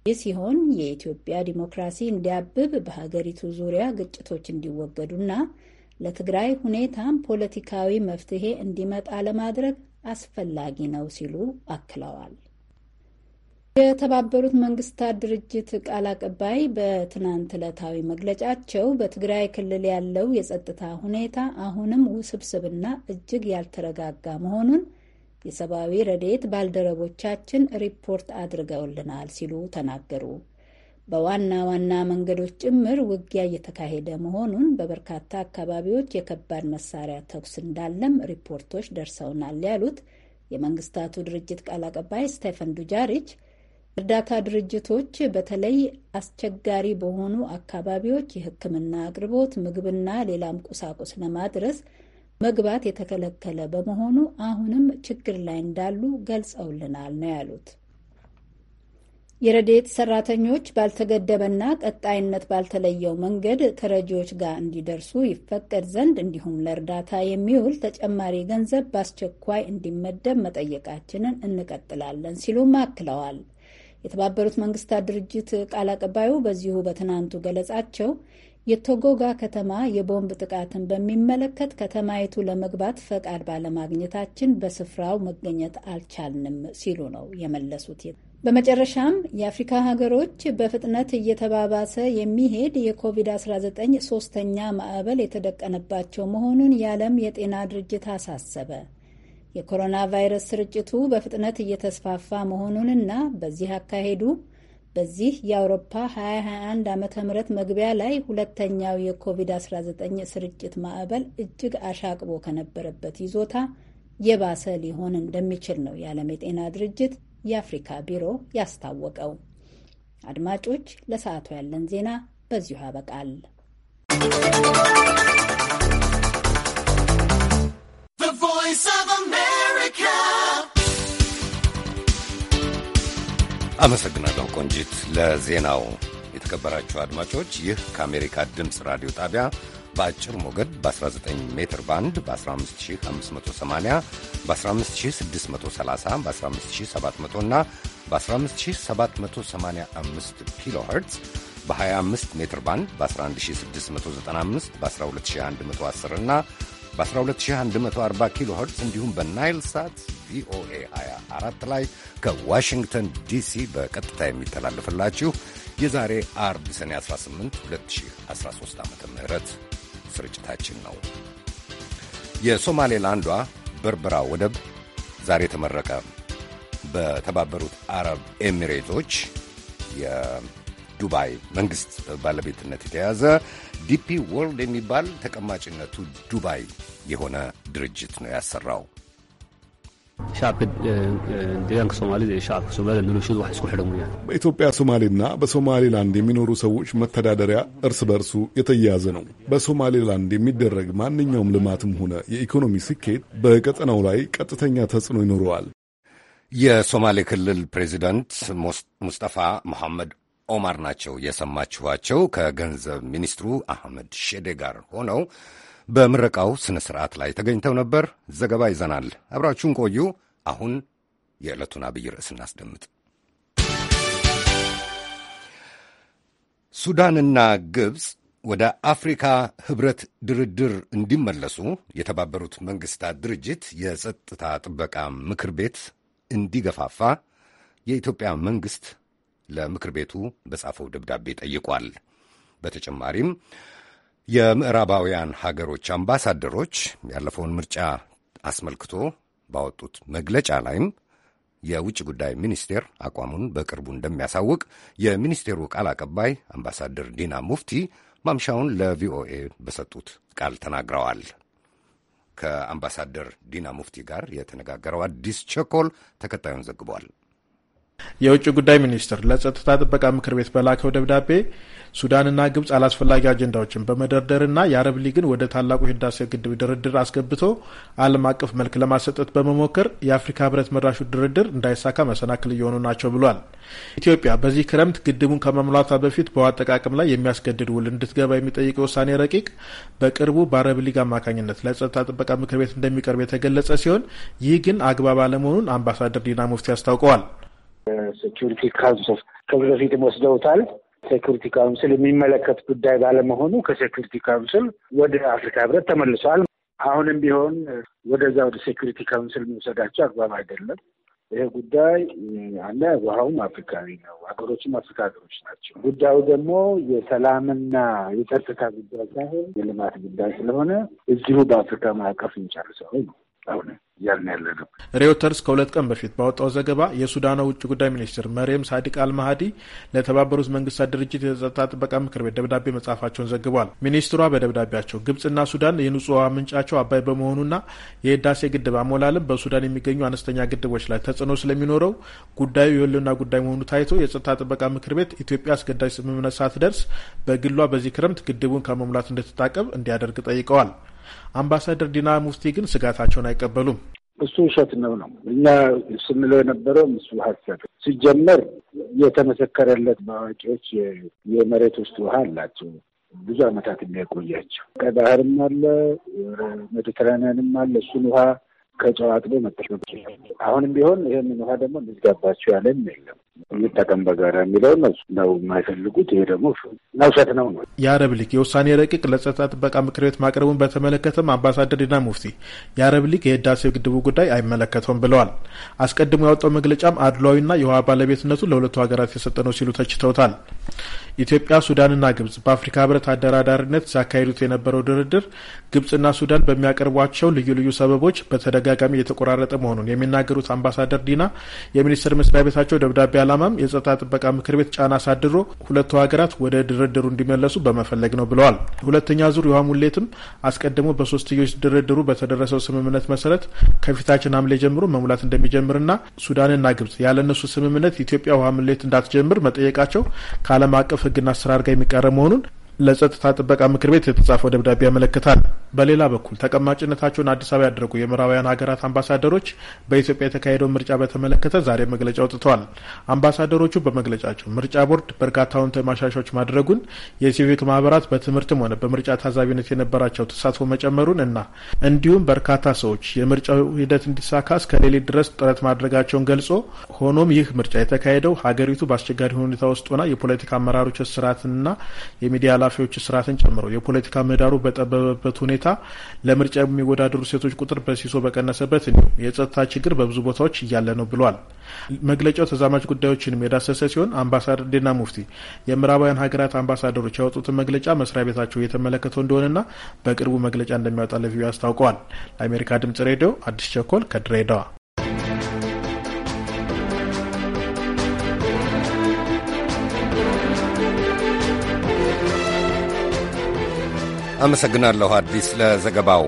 ይህ ሲሆን የኢትዮጵያ ዲሞክራሲ እንዲያብብ በሀገሪቱ ዙሪያ ግጭቶች እንዲወገዱና ለትግራይ ሁኔታም ፖለቲካዊ መፍትሄ እንዲመጣ ለማድረግ አስፈላጊ ነው ሲሉ አክለዋል። የተባበሩት መንግስታት ድርጅት ቃል አቀባይ በትናንት ዕለታዊ መግለጫቸው በትግራይ ክልል ያለው የጸጥታ ሁኔታ አሁንም ውስብስብና እጅግ ያልተረጋጋ መሆኑን የሰብአዊ ረድኤት ባልደረቦቻችን ሪፖርት አድርገውልናል ሲሉ ተናገሩ። በዋና ዋና መንገዶች ጭምር ውጊያ እየተካሄደ መሆኑን፣ በበርካታ አካባቢዎች የከባድ መሳሪያ ተኩስ እንዳለም ሪፖርቶች ደርሰውናል ያሉት የመንግስታቱ ድርጅት ቃል አቀባይ ስቴፈን ዱጃሪች እርዳታ ድርጅቶች በተለይ አስቸጋሪ በሆኑ አካባቢዎች የሕክምና አቅርቦት፣ ምግብና ሌላም ቁሳቁስ ለማድረስ መግባት የተከለከለ በመሆኑ አሁንም ችግር ላይ እንዳሉ ገልጸውልናል ነው ያሉት። የረዴት ሰራተኞች ባልተገደበና ቀጣይነት ባልተለየው መንገድ ተረጂዎች ጋር እንዲደርሱ ይፈቀድ ዘንድ እንዲሁም ለእርዳታ የሚውል ተጨማሪ ገንዘብ በአስቸኳይ እንዲመደብ መጠየቃችንን እንቀጥላለን ሲሉም አክለዋል። የተባበሩት መንግስታት ድርጅት ቃል አቀባዩ በዚሁ በትናንቱ ገለጻቸው የቶጎጋ ከተማ የቦምብ ጥቃትን በሚመለከት ከተማይቱ ለመግባት ፈቃድ ባለማግኘታችን በስፍራው መገኘት አልቻልንም ሲሉ ነው የመለሱት። በመጨረሻም የአፍሪካ ሀገሮች በፍጥነት እየተባባሰ የሚሄድ የኮቪድ-19 ሶስተኛ ማዕበል የተደቀነባቸው መሆኑን የዓለም የጤና ድርጅት አሳሰበ። የኮሮና ቫይረስ ስርጭቱ በፍጥነት እየተስፋፋ መሆኑንና በዚህ አካሄዱ በዚህ የአውሮፓ 2021 ዓ ም መግቢያ ላይ ሁለተኛው የኮቪድ-19 ስርጭት ማዕበል እጅግ አሻቅቦ ከነበረበት ይዞታ የባሰ ሊሆን እንደሚችል ነው የዓለም የጤና ድርጅት የአፍሪካ ቢሮ ያስታወቀው። አድማጮች፣ ለሰዓቱ ያለን ዜና በዚሁ ያበቃል። አመሰግናለሁ ቆንጂት ለዜናው። የተከበራችሁ አድማጮች ይህ ከአሜሪካ ድምፅ ራዲዮ ጣቢያ በአጭር ሞገድ በ19 ሜትር ባንድ በ15580 በ15630 በ15700 እና በ15785 ኪሎ ኸርትዝ በ25 ሜትር ባንድ በ11695 በ12110 እና በ12140 ኪሎ ሄርትስ እንዲሁም በናይል ሳት ቪኦኤ 24 ላይ ከዋሽንግተን ዲሲ በቀጥታ የሚተላለፍላችሁ የዛሬ አርብ ሰኔ 18 2013 ዓ ም ስርጭታችን ነው። የሶማሌላንዷ በርበራ ወደብ ዛሬ ተመረቀ። በተባበሩት አረብ ኤሚሬቶች የዱባይ መንግሥት ባለቤትነት የተያዘ ዲፒ ወርልድ የሚባል ተቀማጭነቱ ዱባይ የሆነ ድርጅት ነው ያሰራው። በኢትዮጵያ ሶማሌና በሶማሌላንድ የሚኖሩ ሰዎች መተዳደሪያ እርስ በርሱ የተያያዘ ነው። በሶማሌላንድ የሚደረግ ማንኛውም ልማትም ሆነ የኢኮኖሚ ስኬት በቀጠናው ላይ ቀጥተኛ ተጽዕኖ ይኖረዋል። የሶማሌ ክልል ፕሬዚዳንት ሙስጠፋ መሐመድ ኦማር ናቸው የሰማችኋቸው ከገንዘብ ሚኒስትሩ አህመድ ሼዴ ጋር ሆነው በምረቃው ስነ ስርዓት ላይ ተገኝተው ነበር። ዘገባ ይዘናል። አብራችሁን ቆዩ። አሁን የዕለቱን አብይ ርዕስ እናስደምጥ። ሱዳንና ግብፅ ወደ አፍሪካ ህብረት ድርድር እንዲመለሱ የተባበሩት መንግስታት ድርጅት የጸጥታ ጥበቃ ምክር ቤት እንዲገፋፋ የኢትዮጵያ መንግስት ለምክር ቤቱ በጻፈው ደብዳቤ ጠይቋል። በተጨማሪም የምዕራባውያን ሀገሮች አምባሳደሮች ያለፈውን ምርጫ አስመልክቶ ባወጡት መግለጫ ላይም የውጭ ጉዳይ ሚኒስቴር አቋሙን በቅርቡ እንደሚያሳውቅ የሚኒስቴሩ ቃል አቀባይ አምባሳደር ዲና ሙፍቲ ማምሻውን ለቪኦኤ በሰጡት ቃል ተናግረዋል። ከአምባሳደር ዲና ሙፍቲ ጋር የተነጋገረው አዲስ ቸኮል ተከታዩን ዘግቧል። የውጭ ጉዳይ ሚኒስትር ለጸጥታ ጥበቃ ምክር ቤት በላከው ደብዳቤ ሱዳንና ግብጽ አላስፈላጊ አጀንዳዎችን በመደርደርና የአረብ ሊግን ወደ ታላቁ ህዳሴ ግድብ ድርድር አስገብቶ ዓለም አቀፍ መልክ ለማሰጠት በመሞከር የአፍሪካ ህብረት መራሹ ድርድር እንዳይሳካ መሰናክል እየሆኑ ናቸው ብሏል። ኢትዮጵያ በዚህ ክረምት ግድቡን ከመሙላቷ በፊት በውሃ አጠቃቀም ላይ የሚያስገድድ ውል እንድትገባ የሚጠይቅ ውሳኔ ረቂቅ በቅርቡ በአረብ ሊግ አማካኝነት ለጸጥታ ጥበቃ ምክር ቤት እንደሚቀርብ የተገለጸ ሲሆን ይህ ግን አግባብ አለመሆኑን አምባሳደር ዲና ሙፍቲ አስታውቀዋል። ሴኪሪቲ ካውንስል ከዚህ በፊትም ወስደውታል። ሴኩሪቲ ካውንስል የሚመለከት ጉዳይ ባለመሆኑ ከሴኩሪቲ ካውንስል ወደ አፍሪካ ህብረት ተመልሷል። አሁንም ቢሆን ወደዛ ወደ ሴኩሪቲ ካውንስል የሚወሰዳቸው አግባብ አይደለም። ይሄ ጉዳይ አለ። ውሃውም አፍሪካዊ ነው፣ ሀገሮችም አፍሪካ ሀገሮች ናቸው። ጉዳዩ ደግሞ የሰላምና የጸጥታ ጉዳይ ሳይሆን የልማት ጉዳይ ስለሆነ እዚሁ በአፍሪካ ማዕቀፍ እንጨርሰው ነው። አሁን እያልን ያለ ነው። ሬውተርስ ከሁለት ቀን በፊት ባወጣው ዘገባ የሱዳኑ ውጭ ጉዳይ ሚኒስትር መሪየም ሳዲቅ አልማሃዲ ለተባበሩት መንግስታት ድርጅት የጸጥታ ጥበቃ ምክር ቤት ደብዳቤ መጻፋቸውን ዘግቧል። ሚኒስትሯ በደብዳቤያቸው ግብጽና ሱዳን የንጹህ ውሃ ምንጫቸው አባይ በመሆኑና የህዳሴ ግድብ አሞላልም በሱዳን የሚገኙ አነስተኛ ግድቦች ላይ ተጽዕኖ ስለሚኖረው ጉዳዩ የህልውና ጉዳይ መሆኑ ታይቶ የጸጥታ ጥበቃ ምክር ቤት ኢትዮጵያ አስገዳጅ ስምምነት ሳትደርስ በግሏ በዚህ ክረምት ግድቡን ከመሙላት እንድትታቀብ እንዲያደርግ ጠይቀዋል። አምባሳደር ዲና ሙፍቲ ግን ስጋታቸውን አይቀበሉም። እሱ ውሸት ነው ነው እኛ ስንለው የነበረውም እሱ ሀሰት ሲጀመር የተመሰከረለት በአዋቂዎች የመሬት ውስጥ ውሃ አላቸው ብዙ አመታት የሚያቆያቸው ባህርም አለ ሜዲትራኒያንም አለ እሱን ውሃ ከጨዋጥሎ መጠቀም አሁንም ቢሆን ይህንን ውሃ ደግሞ እንዝጋባቸው ያለም የለም። እንጠቀም በጋራ የሚለው ነው ነው የማይፈልጉት። ይሄ ደግሞ ነውሰት ነው ነው። የአረብ ሊግ የውሳኔ ረቂቅ ለጸጥታ ጥበቃ ምክር ቤት ማቅረቡን በተመለከተም አምባሳደር ዲና ሙፍቲ የአረብ ሊግ የህዳሴው ግድቡ ጉዳይ አይመለከተውም ብለዋል። አስቀድሞ ያወጣው መግለጫም አድሏዊና የውሃ ባለቤትነቱ ለሁለቱ ሀገራት የሰጠ ነው ሲሉ ተችተውታል። ኢትዮጵያ፣ ሱዳንና ግብጽ በአፍሪካ ህብረት አደራዳሪነት ሲያካሂዱት የነበረው ድርድር ግብጽና ሱዳን በሚያቀርቧቸው ልዩ ልዩ ሰበቦች በተደጋጋሚ የተቆራረጠ መሆኑን የሚናገሩት አምባሳደር ዲና የሚኒስቴር መስሪያ ቤታቸው ደብዳቤ ዓላማም የጸጥታ ጥበቃ ምክር ቤት ጫና አሳድሮ ሁለቱ ሀገራት ወደ ድርድሩ እንዲመለሱ በመፈለግ ነው ብለዋል። ሁለተኛ ዙር የውሃ ሙሌትም አስቀድሞ በሶስትዮሽ ድርድሩ በተደረሰው ስምምነት መሰረት ከፊታችን ሐምሌ ጀምሮ መሙላት እንደሚጀምርና ሱዳንና ግብጽ ያለነሱ ስምምነት ኢትዮጵያ ውሃ ሙሌት እንዳትጀምር መጠየቃቸው ከዓለም አቀፍ ሕግና አሰራር ጋር የሚቃረን መሆኑን ለጸጥታ ጥበቃ ምክር ቤት የተጻፈው ደብዳቤ ያመለክታል። በሌላ በኩል ተቀማጭነታቸውን አዲስ አበባ ያደረጉ የምዕራባውያን ሀገራት አምባሳደሮች በኢትዮጵያ የተካሄደውን ምርጫ በተመለከተ ዛሬ መግለጫ አውጥተዋል። አምባሳደሮቹ በመግለጫቸው ምርጫ ቦርድ በርካታ አዎንታዊ ማድረጉን፣ የሲቪክ ማህበራት በትምህርትም ሆነ በምርጫ ታዛቢነት የነበራቸው ተሳትፎ መጨመሩን እና እንዲሁም በርካታ ሰዎች የምርጫው ሂደት እንዲሳካ እስከ ሌሊት ድረስ ጥረት ማድረጋቸውን ገልጾ ሆኖም ይህ ምርጫ የተካሄደው ሀገሪቱ በአስቸጋሪ ሁኔታ ውስጥ ሆና የፖለቲካ አመራሮች ስርዓትና የሚዲያ ኃላፊዎች ስርዓትን ጨምሮ የፖለቲካ ምህዳሩ በጠበበበት ሁኔታ ለምርጫ የሚወዳደሩ ሴቶች ቁጥር በሲሶ በቀነሰበት እንዲሁም የጸጥታ ችግር በብዙ ቦታዎች እያለ ነው ብሏል። መግለጫው ተዛማጅ ጉዳዮችንም የዳሰሰ ሲሆን አምባሳደር ዲና ሙፍቲ የምዕራባውያን ሀገራት አምባሳደሮች ያወጡትን መግለጫ መስሪያ ቤታቸው እየተመለከተው እንደሆነና በቅርቡ መግለጫ እንደሚያወጣ ለቪኦኤ አስታውቀዋል። ለአሜሪካ ድምጽ ሬዲዮ አዲስ ቸኮል ከድሬዳዋ አመሰግናለሁ አዲስ ለዘገባው።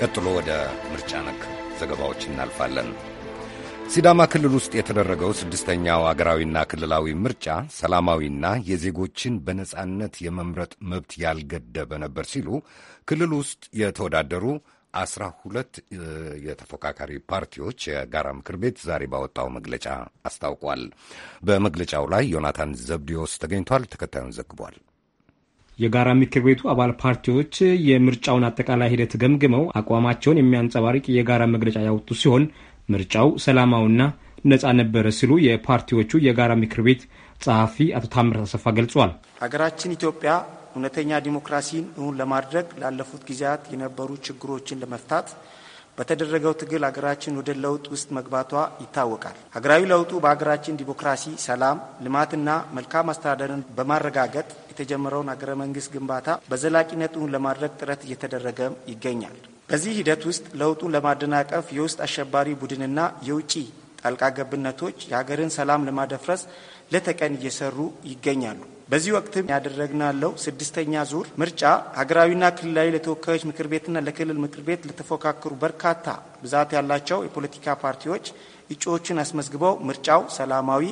ቀጥሎ ወደ ምርጫ ነክ ዘገባዎች እናልፋለን። ሲዳማ ክልል ውስጥ የተደረገው ስድስተኛው አገራዊና ክልላዊ ምርጫ ሰላማዊና የዜጎችን በነጻነት የመምረጥ መብት ያልገደበ ነበር ሲሉ ክልል ውስጥ የተወዳደሩ አስራ ሁለት የተፎካካሪ ፓርቲዎች የጋራ ምክር ቤት ዛሬ ባወጣው መግለጫ አስታውቋል። በመግለጫው ላይ ዮናታን ዘብዲዮስ ተገኝቷል። ተከታዩን ዘግቧል። የጋራ ምክር ቤቱ አባል ፓርቲዎች የምርጫውን አጠቃላይ ሂደት ገምግመው አቋማቸውን የሚያንጸባርቅ የጋራ መግለጫ ያወጡ ሲሆን ምርጫው ሰላማዊና ነጻ ነበረ ሲሉ የፓርቲዎቹ የጋራ ምክር ቤት ጸሐፊ አቶ ታምራት አሰፋ ገልጿል። ሀገራችን ኢትዮጵያ እውነተኛ ዲሞክራሲን እውን ለማድረግ ላለፉት ጊዜያት የነበሩ ችግሮችን ለመፍታት በተደረገው ትግል ሀገራችን ወደ ለውጥ ውስጥ መግባቷ ይታወቃል። ሀገራዊ ለውጡ በሀገራችን ዲሞክራሲ፣ ሰላም፣ ልማትና መልካም አስተዳደርን በማረጋገጥ የተጀመረውን ሀገረ መንግስት ግንባታ በዘላቂነቱን ለማድረግ ጥረት እየተደረገ ይገኛል። በዚህ ሂደት ውስጥ ለውጡን ለማደናቀፍ የውስጥ አሸባሪ ቡድንና የውጭ ጣልቃ ገብነቶች የሀገርን ሰላም ለማደፍረስ ለተቀን እየሰሩ ይገኛሉ። በዚህ ወቅትም ያደረግናለው ስድስተኛ ዙር ምርጫ ሀገራዊና ክልላዊ ለተወካዮች ምክር ቤትና ለክልል ምክር ቤት ለተፎካከሩ በርካታ ብዛት ያላቸው የፖለቲካ ፓርቲዎች እጩዎችን አስመዝግበው ምርጫው ሰላማዊ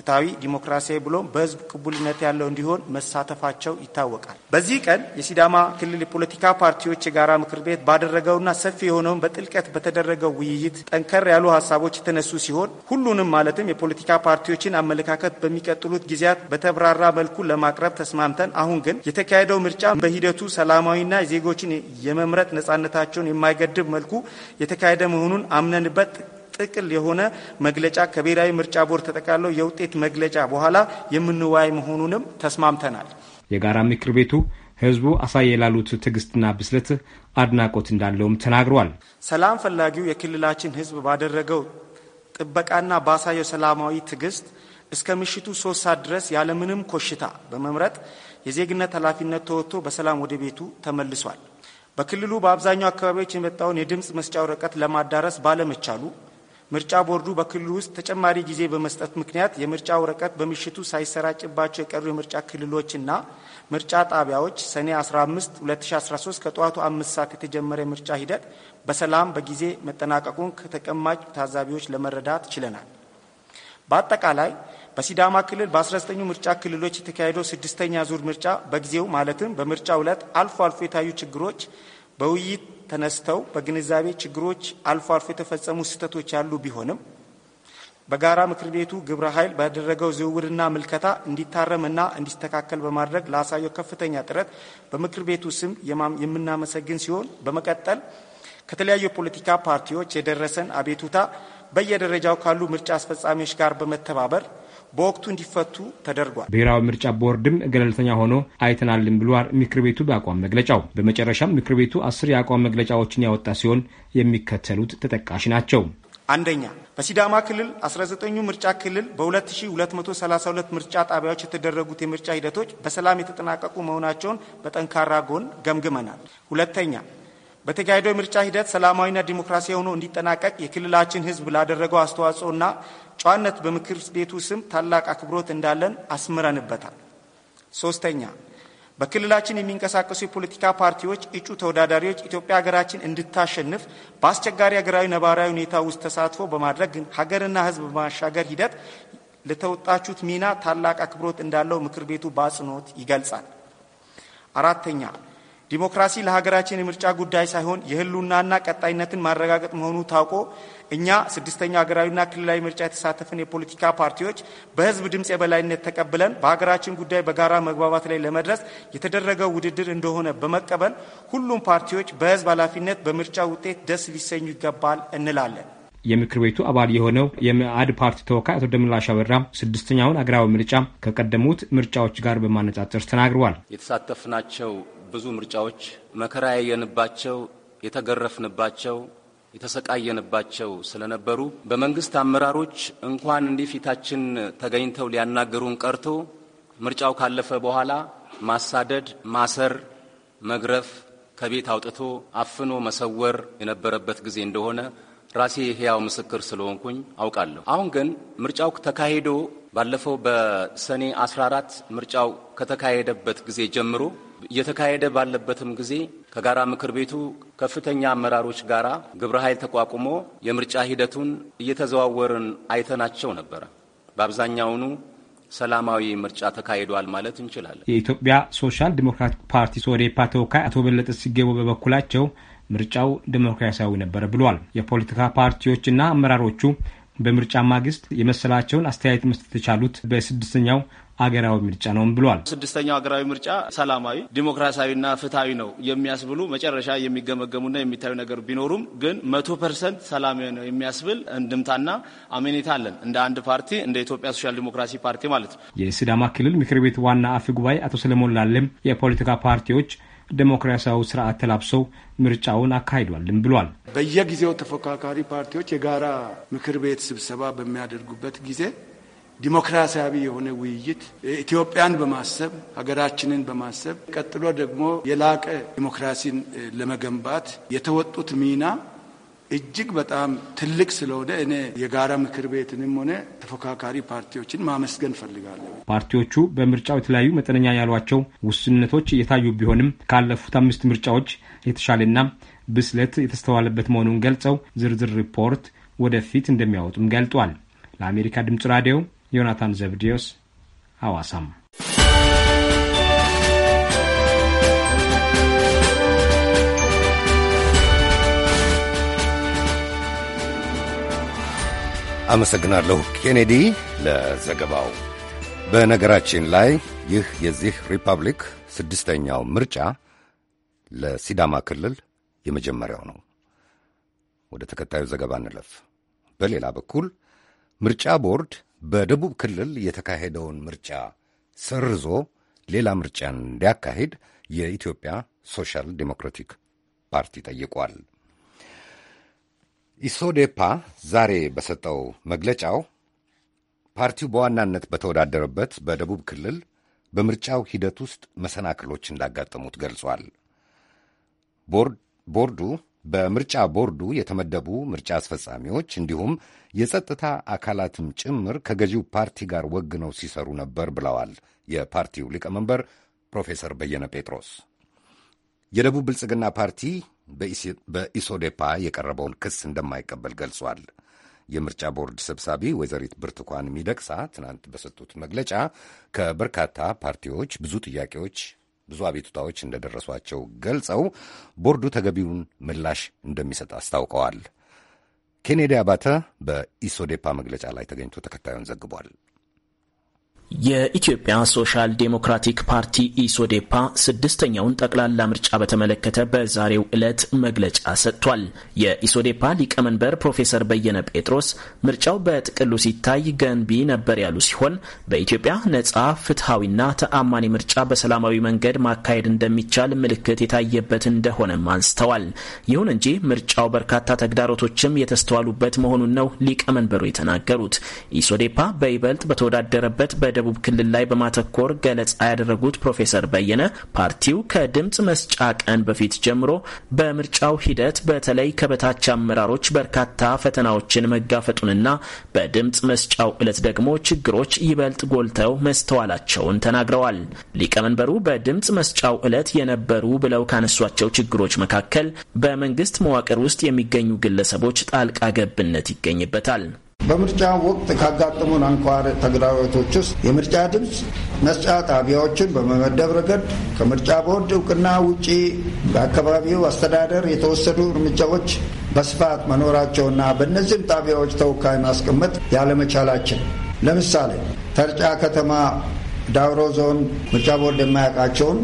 ፍትሐዊ፣ ዲሞክራሲያዊ ብሎም በህዝብ ቅቡልነት ያለው እንዲሆን መሳተፋቸው ይታወቃል። በዚህ ቀን የሲዳማ ክልል የፖለቲካ ፓርቲዎች የጋራ ምክር ቤት ባደረገውና ሰፊ የሆነውን በጥልቀት በተደረገው ውይይት ጠንከር ያሉ ሀሳቦች የተነሱ ሲሆን ሁሉንም ማለትም የፖለቲካ ፓርቲዎችን አመለካከት በሚቀጥሉት ጊዜያት በተብራራ መልኩ ለማቅረብ ተስማምተን አሁን ግን የተካሄደው ምርጫ በሂደቱ ሰላማዊና ዜጎችን የመምረጥ ነጻነታቸውን የማይገድብ መልኩ የተካሄደ መሆኑን አምነንበት ጥቅል የሆነ መግለጫ ከብሔራዊ ምርጫ ቦርድ ተጠቃለው የውጤት መግለጫ በኋላ የምንወያይ መሆኑንም ተስማምተናል። የጋራ ምክር ቤቱ ህዝቡ አሳየ ላሉት ትዕግስትና ብስለት አድናቆት እንዳለውም ተናግሯል። ሰላም ፈላጊው የክልላችን ህዝብ ባደረገው ጥበቃና ባሳየው ሰላማዊ ትዕግስት እስከ ምሽቱ ሶስት ሰዓት ድረስ ያለምንም ኮሽታ በመምረጥ የዜግነት ኃላፊነት ተወጥቶ በሰላም ወደ ቤቱ ተመልሷል። በክልሉ በአብዛኛው አካባቢዎች የመጣውን የድምፅ መስጫ ወረቀት ለማዳረስ ባለመቻሉ ምርጫ ቦርዱ በክልሉ ውስጥ ተጨማሪ ጊዜ በመስጠት ምክንያት የምርጫ ወረቀት በምሽቱ ሳይሰራጭባቸው የቀሩ የምርጫ ክልሎችና ምርጫ ጣቢያዎች ሰኔ 15 2013 ከጠዋቱ አምስት ሰዓት የተጀመረ የምርጫ ሂደት በሰላም በጊዜ መጠናቀቁን ከተቀማጭ ታዛቢዎች ለመረዳት ችለናል። በአጠቃላይ በሲዳማ ክልል በ19ኙ ምርጫ ክልሎች የተካሄደው ስድስተኛ ዙር ምርጫ በጊዜው ማለትም በምርጫ ዕለት አልፎ አልፎ የታዩ ችግሮች በውይይት ተነስተው በግንዛቤ ችግሮች አልፎ አልፎ የተፈጸሙ ስህተቶች ያሉ ቢሆንም በጋራ ምክር ቤቱ ግብረ ኃይል ባደረገው ዝውውርና ምልከታ እንዲታረምና እንዲስተካከል በማድረግ ላሳየው ከፍተኛ ጥረት በምክር ቤቱ ስም የምናመሰግን ሲሆን በመቀጠል ከተለያዩ የፖለቲካ ፓርቲዎች የደረሰን አቤቱታ በየደረጃው ካሉ ምርጫ አስፈጻሚዎች ጋር በመተባበር በወቅቱ እንዲፈቱ ተደርጓል። ብሔራዊ ምርጫ ቦርድም ገለልተኛ ሆኖ አይተናልን ብሏል ምክር ቤቱ በአቋም መግለጫው። በመጨረሻም ምክር ቤቱ አስር የአቋም መግለጫዎችን ያወጣ ሲሆን የሚከተሉት ተጠቃሽ ናቸው። አንደኛ በሲዳማ ክልል 19ኙ ምርጫ ክልል በ2232 ምርጫ ጣቢያዎች የተደረጉት የምርጫ ሂደቶች በሰላም የተጠናቀቁ መሆናቸውን በጠንካራ ጎን ገምግመናል። ሁለተኛ በተካሄደው የምርጫ ሂደት ሰላማዊና ዲሞክራሲያዊ ሆኖ እንዲጠናቀቅ የክልላችን ሕዝብ ላደረገው አስተዋጽኦና ጨዋነት በምክር ቤቱ ስም ታላቅ አክብሮት እንዳለን አስምረንበታል። ሶስተኛ በክልላችን የሚንቀሳቀሱ የፖለቲካ ፓርቲዎች እጩ ተወዳዳሪዎች ኢትዮጵያ ሀገራችን እንድታሸንፍ በአስቸጋሪ ሀገራዊ ነባራዊ ሁኔታ ውስጥ ተሳትፎ በማድረግ ሀገርና ሕዝብ በማሻገር ሂደት ለተወጣችሁት ሚና ታላቅ አክብሮት እንዳለው ምክር ቤቱ በአጽንኦት ይገልጻል። አራተኛ ዲሞክራሲ ለሀገራችን የምርጫ ጉዳይ ሳይሆን የህልውናና ቀጣይነትን ማረጋገጥ መሆኑ ታውቆ እኛ ስድስተኛው ሀገራዊና ክልላዊ ምርጫ የተሳተፍን የፖለቲካ ፓርቲዎች በህዝብ ድምፅ የበላይነት ተቀብለን በሀገራችን ጉዳይ በጋራ መግባባት ላይ ለመድረስ የተደረገው ውድድር እንደሆነ በመቀበል ሁሉም ፓርቲዎች በህዝብ ኃላፊነት በምርጫ ውጤት ደስ ሊሰኙ ይገባል እንላለን። የምክር ቤቱ አባል የሆነው የምዕአድ ፓርቲ ተወካይ አቶ ደምላሽ አበራ ስድስተኛውን አገራዊ ምርጫ ከቀደሙት ምርጫዎች ጋር በማነጻጸር ተናግረዋል። የተሳተፍናቸው ብዙ ምርጫዎች መከራ ያየንባቸው፣ የተገረፍንባቸው፣ የተሰቃየንባቸው ስለነበሩ በመንግስት አመራሮች እንኳን እንዲህ ፊታችን ተገኝተው ሊያናገሩን ቀርቶ ምርጫው ካለፈ በኋላ ማሳደድ፣ ማሰር፣ መግረፍ፣ ከቤት አውጥቶ አፍኖ መሰወር የነበረበት ጊዜ እንደሆነ ራሴ የህያው ምስክር ስለሆንኩኝ አውቃለሁ። አሁን ግን ምርጫው ተካሂዶ ባለፈው በሰኔ 14 ምርጫው ከተካሄደበት ጊዜ ጀምሮ እየተካሄደ ባለበትም ጊዜ ከጋራ ምክር ቤቱ ከፍተኛ አመራሮች ጋራ ግብረ ኃይል ተቋቁሞ የምርጫ ሂደቱን እየተዘዋወርን አይተናቸው ነበረ። በአብዛኛውኑ ሰላማዊ ምርጫ ተካሂዷል ማለት እንችላለን። የኢትዮጵያ ሶሻል ዲሞክራቲክ ፓርቲ ሶዴፓ ተወካይ አቶ በለጠ ሲገቡ በበኩላቸው ምርጫው ዲሞክራሲያዊ ነበር ብሏል። የፖለቲካ ፓርቲዎችና አመራሮቹ በምርጫ ማግስት የመሰላቸውን አስተያየት መስጠት የቻሉት በስድስተኛው አገራዊ ምርጫ ነውም ብሏል። ስድስተኛው አገራዊ ምርጫ ሰላማዊ፣ ዲሞክራሲያዊና ፍትሐዊ ነው የሚያስብሉ መጨረሻ የሚገመገሙና የሚታዩ ነገር ቢኖሩም ግን መቶ ፐርሰንት ሰላማዊ ነው የሚያስብል እንድምታና አሜኔታ አለን እንደ አንድ ፓርቲ እንደ ኢትዮጵያ ሶሻል ዲሞክራሲ ፓርቲ ማለት ነው። የሲዳማ ክልል ምክር ቤት ዋና አፈ ጉባኤ አቶ ሰለሞን ላለም የፖለቲካ ፓርቲዎች ዴሞክራሲያዊ ስርዓት ተላብሰው ምርጫውን አካሂዷልም ብሏል። በየጊዜው ተፎካካሪ ፓርቲዎች የጋራ ምክር ቤት ስብሰባ በሚያደርጉበት ጊዜ ዲሞክራሲያዊ የሆነ ውይይት ኢትዮጵያን በማሰብ ሀገራችንን በማሰብ ቀጥሎ ደግሞ የላቀ ዲሞክራሲን ለመገንባት የተወጡት ሚና እጅግ በጣም ትልቅ ስለሆነ እኔ የጋራ ምክር ቤትንም ሆነ ተፎካካሪ ፓርቲዎችን ማመስገን ፈልጋለሁ። ፓርቲዎቹ በምርጫው የተለያዩ መጠነኛ ያሏቸው ውስንነቶች እየታዩ ቢሆንም ካለፉት አምስት ምርጫዎች የተሻለና ብስለት የተስተዋለበት መሆኑን ገልጸው ዝርዝር ሪፖርት ወደፊት እንደሚያወጡም ገልጧል። ለአሜሪካ ድምጽ ራዲዮ ዮናታን ዘብዲዮስ አዋሳም። አመሰግናለሁ ኬኔዲ ለዘገባው። በነገራችን ላይ ይህ የዚህ ሪፐብሊክ ስድስተኛው ምርጫ ለሲዳማ ክልል የመጀመሪያው ነው። ወደ ተከታዩ ዘገባ እንለፍ። በሌላ በኩል ምርጫ ቦርድ በደቡብ ክልል የተካሄደውን ምርጫ ሰርዞ ሌላ ምርጫ እንዲያካሂድ የኢትዮጵያ ሶሻል ዴሞክራቲክ ፓርቲ ጠይቋል። ኢሶዴፓ ዛሬ በሰጠው መግለጫው ፓርቲው በዋናነት በተወዳደረበት በደቡብ ክልል በምርጫው ሂደት ውስጥ መሰናክሎች እንዳጋጠሙት ገልጿል። ቦርዱ በምርጫ ቦርዱ የተመደቡ ምርጫ አስፈጻሚዎች እንዲሁም የጸጥታ አካላትም ጭምር ከገዢው ፓርቲ ጋር ወግነው ሲሰሩ ነበር ብለዋል የፓርቲው ሊቀመንበር ፕሮፌሰር በየነ ጴጥሮስ። የደቡብ ብልጽግና ፓርቲ በኢሶዴፓ የቀረበውን ክስ እንደማይቀበል ገልጿል። የምርጫ ቦርድ ሰብሳቢ ወይዘሪት ብርቱካን ሚደቅሳ ትናንት በሰጡት መግለጫ ከበርካታ ፓርቲዎች ብዙ ጥያቄዎች ብዙ አቤቱታዎች እንደደረሷቸው ገልጸው ቦርዱ ተገቢውን ምላሽ እንደሚሰጥ አስታውቀዋል። ኬኔዲ አባተ በኢሶዴፓ መግለጫ ላይ ተገኝቶ ተከታዩን ዘግቧል። የኢትዮጵያ ሶሻል ዴሞክራቲክ ፓርቲ ኢሶዴፓ ስድስተኛውን ጠቅላላ ምርጫ በተመለከተ በዛሬው ዕለት መግለጫ ሰጥቷል። የኢሶዴፓ ሊቀመንበር ፕሮፌሰር በየነ ጴጥሮስ ምርጫው በጥቅሉ ሲታይ ገንቢ ነበር ያሉ ሲሆን በኢትዮጵያ ነጻ፣ ፍትሐዊና ተአማኒ ምርጫ በሰላማዊ መንገድ ማካሄድ እንደሚቻል ምልክት የታየበት እንደሆነም አንስተዋል። ይሁን እንጂ ምርጫው በርካታ ተግዳሮቶችም የተስተዋሉበት መሆኑን ነው ሊቀመንበሩ የተናገሩት። ኢሶዴፓ በይበልጥ በተወዳደረበት በደ በደቡብ ክልል ላይ በማተኮር ገለጻ ያደረጉት ፕሮፌሰር በየነ ፓርቲው ከድምፅ መስጫ ቀን በፊት ጀምሮ በምርጫው ሂደት በተለይ ከበታች አመራሮች በርካታ ፈተናዎችን መጋፈጡንና በድምፅ መስጫው ዕለት ደግሞ ችግሮች ይበልጥ ጎልተው መስተዋላቸውን ተናግረዋል። ሊቀመንበሩ በድምፅ መስጫው ዕለት የነበሩ ብለው ካነሷቸው ችግሮች መካከል በመንግስት መዋቅር ውስጥ የሚገኙ ግለሰቦች ጣልቃ ገብነት ይገኝበታል። በምርጫ ወቅት ካጋጠሙን አንኳር ተግዳሮቶች ውስጥ የምርጫ ድምፅ መስጫ ጣቢያዎችን በመመደብ ረገድ ከምርጫ ቦርድ እውቅና ውጪ በአካባቢው አስተዳደር የተወሰዱ እርምጃዎች በስፋት መኖራቸውና በእነዚህም ጣቢያዎች ተወካይ ማስቀመጥ ያለመቻላችን፣ ለምሳሌ ተርጫ ከተማ ዳውሮ ዞን ምርጫ ቦርድ የማያውቃቸውን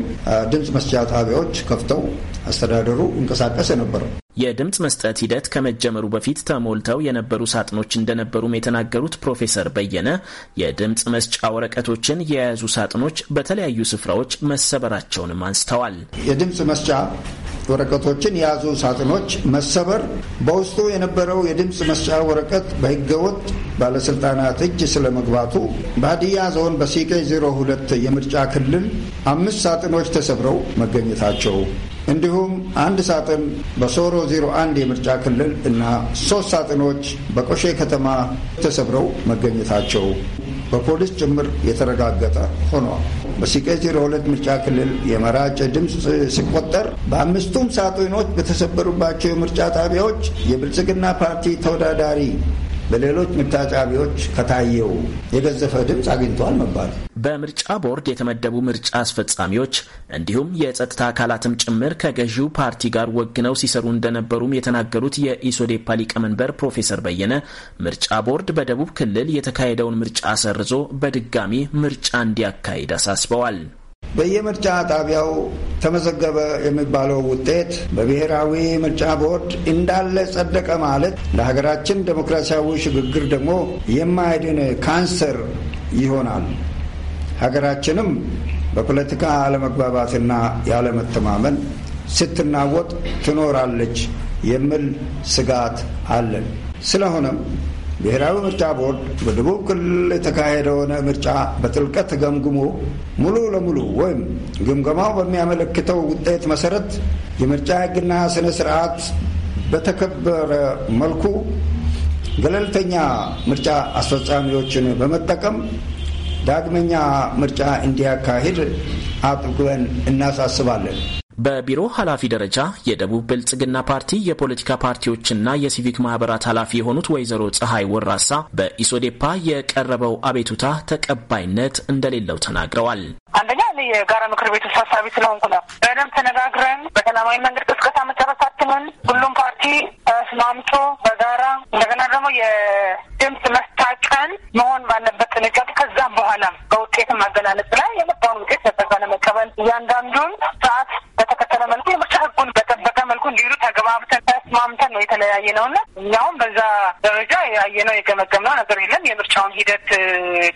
ድምፅ መስጫ ጣቢያዎች ከፍተው አስተዳደሩ እንቀሳቀስ የነበረው የድምፅ መስጠት ሂደት ከመጀመሩ በፊት ተሞልተው የነበሩ ሳጥኖች እንደነበሩም የተናገሩት ፕሮፌሰር በየነ የድምፅ መስጫ ወረቀቶችን የያዙ ሳጥኖች በተለያዩ ስፍራዎች መሰበራቸውንም አንስተዋል። የድምፅ መስጫ ወረቀቶችን የያዙ ሳጥኖች መሰበር በውስጡ የነበረው የድምፅ መስጫ ወረቀት በህገወጥ ባለስልጣናት እጅ ስለመግባቱ በሀዲያ ዞን በሲቄ 02 የምርጫ ክልል አምስት ሳጥኖች ተሰብረው መገኘታቸው እንዲሁም አንድ ሳጥን በሶሮ 01 የምርጫ ክልል እና ሶስት ሳጥኖች በቆሼ ከተማ ተሰብረው መገኘታቸው በፖሊስ ጭምር የተረጋገጠ ሆኗል። በሲቄ 02 ምርጫ ክልል የመራጭ ድምፅ ሲቆጠር በአምስቱም ሳጥኖች በተሰበሩባቸው የምርጫ ጣቢያዎች የብልጽግና ፓርቲ ተወዳዳሪ በሌሎች ምርጫጫቢዎች ከታየው የገዘፈ ድምፅ አግኝተዋል መባል በምርጫ ቦርድ የተመደቡ ምርጫ አስፈጻሚዎች እንዲሁም የጸጥታ አካላትም ጭምር ከገዢው ፓርቲ ጋር ወግነው ሲሰሩ እንደነበሩም የተናገሩት የኢሶዴፓ ሊቀመንበር ፕሮፌሰር በየነ ምርጫ ቦርድ በደቡብ ክልል የተካሄደውን ምርጫ ሰርዞ በድጋሚ ምርጫ እንዲያካሂድ አሳስበዋል። በየምርጫ ጣቢያው ተመዘገበ የሚባለው ውጤት በብሔራዊ ምርጫ ቦርድ እንዳለ ጸደቀ ማለት ለሀገራችን ዴሞክራሲያዊ ሽግግር ደግሞ የማይድን ካንሰር ይሆናል። ሀገራችንም በፖለቲካ አለመግባባትና ያለመተማመን ስትናወጥ ትኖራለች የሚል ስጋት አለን። ስለሆነም ብሔራዊ ምርጫ ቦርድ በደቡብ ክልል የተካሄደውን ምርጫ በጥልቀት ገምግሞ ሙሉ ለሙሉ ወይም ግምገማው በሚያመለክተው ውጤት መሰረት የምርጫ ሕግና ስነ ስርዓት በተከበረ መልኩ ገለልተኛ ምርጫ አስፈጻሚዎችን በመጠቀም ዳግመኛ ምርጫ እንዲያካሂድ አጥብቀን እናሳስባለን። በቢሮ ኃላፊ ደረጃ የደቡብ ብልጽግና ፓርቲ የፖለቲካ ፓርቲዎችና የሲቪክ ማህበራት ኃላፊ የሆኑት ወይዘሮ ፀሐይ ወራሳ በኢሶዴፓ የቀረበው አቤቱታ ተቀባይነት እንደሌለው ተናግረዋል። አንደኛ እኔ የጋራ ምክር ቤቱ ሳሳቢ ስለሆንኩ ነው። በደንብ ተነጋግረን በሰላማዊ መንገድ ቅስቀሳ መጨረሳችንን ሁሉም ፓርቲ ተስማምቶ በጋራ እንደገና ደግሞ የድምፅ መስጫ ቀን መሆን ባለበት ጥንቃቄ ከዛም በኋላ በውጤት ማገላለጽ ላይ የመጣውን ውጤት በጸጋ ለመቀበል እያንዳንዱን ሰዓት በተከተለ መልኩ የምርጫ ህጉን በጠበቀ መልኩ እንዲሉ ተገባብተን ተስማምተን ነው የተለያየ ነው እና እኛውም በዛ ደረጃ ነው የገመገምነው ነገር የለም። የምርጫውን ሂደት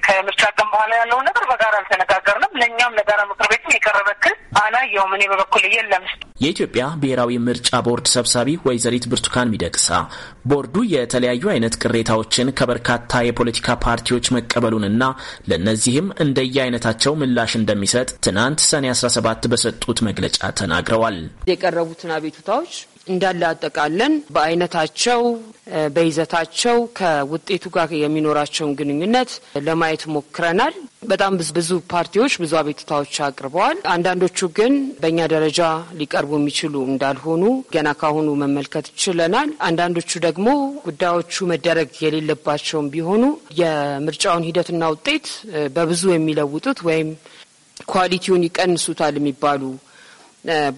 ከምርጫ ቀን በኋላ ያለውን ነገር በጋራ አልተነጋገርንም። ለእኛም ለጋራ ምክር ቤትም የቀረበ ክል አላየውም። እኔ በበኩል የለም። የኢትዮጵያ ብሔራዊ ምርጫ ቦርድ ሰብሳቢ ወይዘሪት ብርቱካን ሚደቅሳ ቦርዱ የተለያዩ አይነት ቅሬታዎችን ከበርካታ የፖለቲካ ፓርቲዎች መቀበሉንና ለእነዚህም እንደየአይነታቸው ምላሽ እንደሚሰጥ ትናንት ሰኔ 17 በሰጡት መግለጫ ተናግረዋል። የቀረቡትን አቤቱታዎች እንዳለ አጠቃለን በአይነታቸው፣ በይዘታቸው ከውጤቱ ጋር የሚኖራቸውን ግንኙነት ለማየት ሞክረናል። በጣም ብዙ ፓርቲዎች ብዙ አቤቱታዎች አቅርበዋል። አንዳንዶቹ ግን በእኛ ደረጃ ሊቀርቡ የሚችሉ እንዳልሆኑ ገና ካሁኑ መመልከት ችለናል። አንዳንዶቹ ደግሞ ጉዳዮቹ መደረግ የሌለባቸውም ቢሆኑ የምርጫውን ሂደትና ውጤት በብዙ የሚለውጡት ወይም ኳሊቲውን ይቀንሱታል የሚባሉ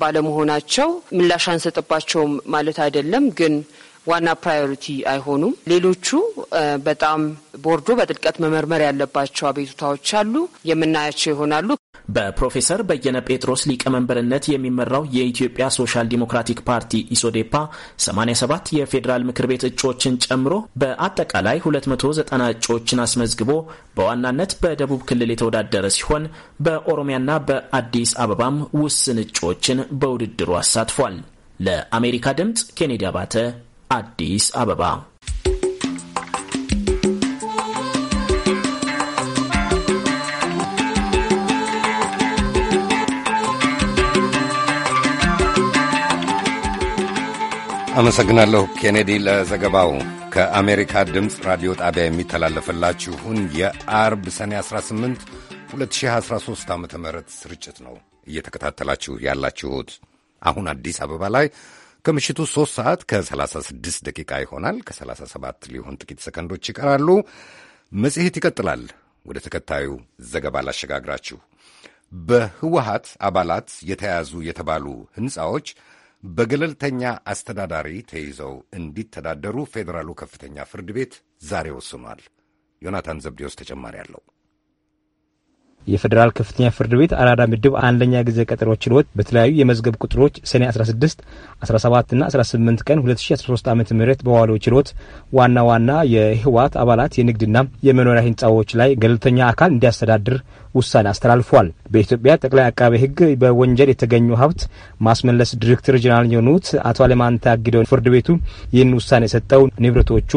ባለመሆናቸው ምላሽ አንሰጥባቸውም ማለት አይደለም፣ ግን ዋና ፕራዮሪቲ አይሆኑም። ሌሎቹ በጣም ቦርዶ በጥልቀት መመርመር ያለባቸው አቤቱታዎች አሉ፣ የምናያቸው ይሆናሉ። በፕሮፌሰር በየነ ጴጥሮስ ሊቀመንበርነት የሚመራው የኢትዮጵያ ሶሻል ዲሞክራቲክ ፓርቲ ኢሶዴፓ 87 የፌዴራል ምክር ቤት እጩዎችን ጨምሮ በአጠቃላይ 290 እጩዎችን አስመዝግቦ በዋናነት በደቡብ ክልል የተወዳደረ ሲሆን በኦሮሚያና በአዲስ አበባም ውስን እጩዎችን በውድድሩ አሳትፏል። ለአሜሪካ ድምፅ ኬኔዲ አባተ አዲስ አበባ አመሰግናለሁ ኬኔዲ ለዘገባው። ከአሜሪካ ድምፅ ራዲዮ ጣቢያ የሚተላለፈላችሁን የአርብ ሰኔ 18 2013 ዓ ም ስርጭት ነው እየተከታተላችሁ ያላችሁት። አሁን አዲስ አበባ ላይ ከምሽቱ 3 ሰዓት ከ36 ደቂቃ ይሆናል። ከ37 ሊሆን ጥቂት ሰከንዶች ይቀራሉ። መጽሔት ይቀጥላል። ወደ ተከታዩ ዘገባ ላሸጋግራችሁ። በህወሀት አባላት የተያዙ የተባሉ ሕንፃዎች በገለልተኛ አስተዳዳሪ ተይዘው እንዲተዳደሩ ፌዴራሉ ከፍተኛ ፍርድ ቤት ዛሬ ወስኗል። ዮናታን ዘብዴዎስ ተጨማሪ አለው። የፌዴራል ከፍተኛ ፍርድ ቤት አራዳ ምድብ አንደኛ ጊዜ ቀጠሮ ችሎት በተለያዩ የመዝገብ ቁጥሮች ሰኔ 16፣ 17 ና 18 ቀን 2013 ዓ ም በዋለው ችሎት ዋና ዋና የህወሓት አባላት የንግድና የመኖሪያ ህንፃዎች ላይ ገለልተኛ አካል እንዲያስተዳድር ውሳኔ አስተላልፏል። በኢትዮጵያ ጠቅላይ አቃቤ ሕግ በወንጀል የተገኙ ሀብት ማስመለስ ዲሬክተር ጀነራል የሆኑት አቶ አለማንታ አግደው ፍርድ ቤቱ ይህን ውሳኔ የሰጠው ንብረቶቹ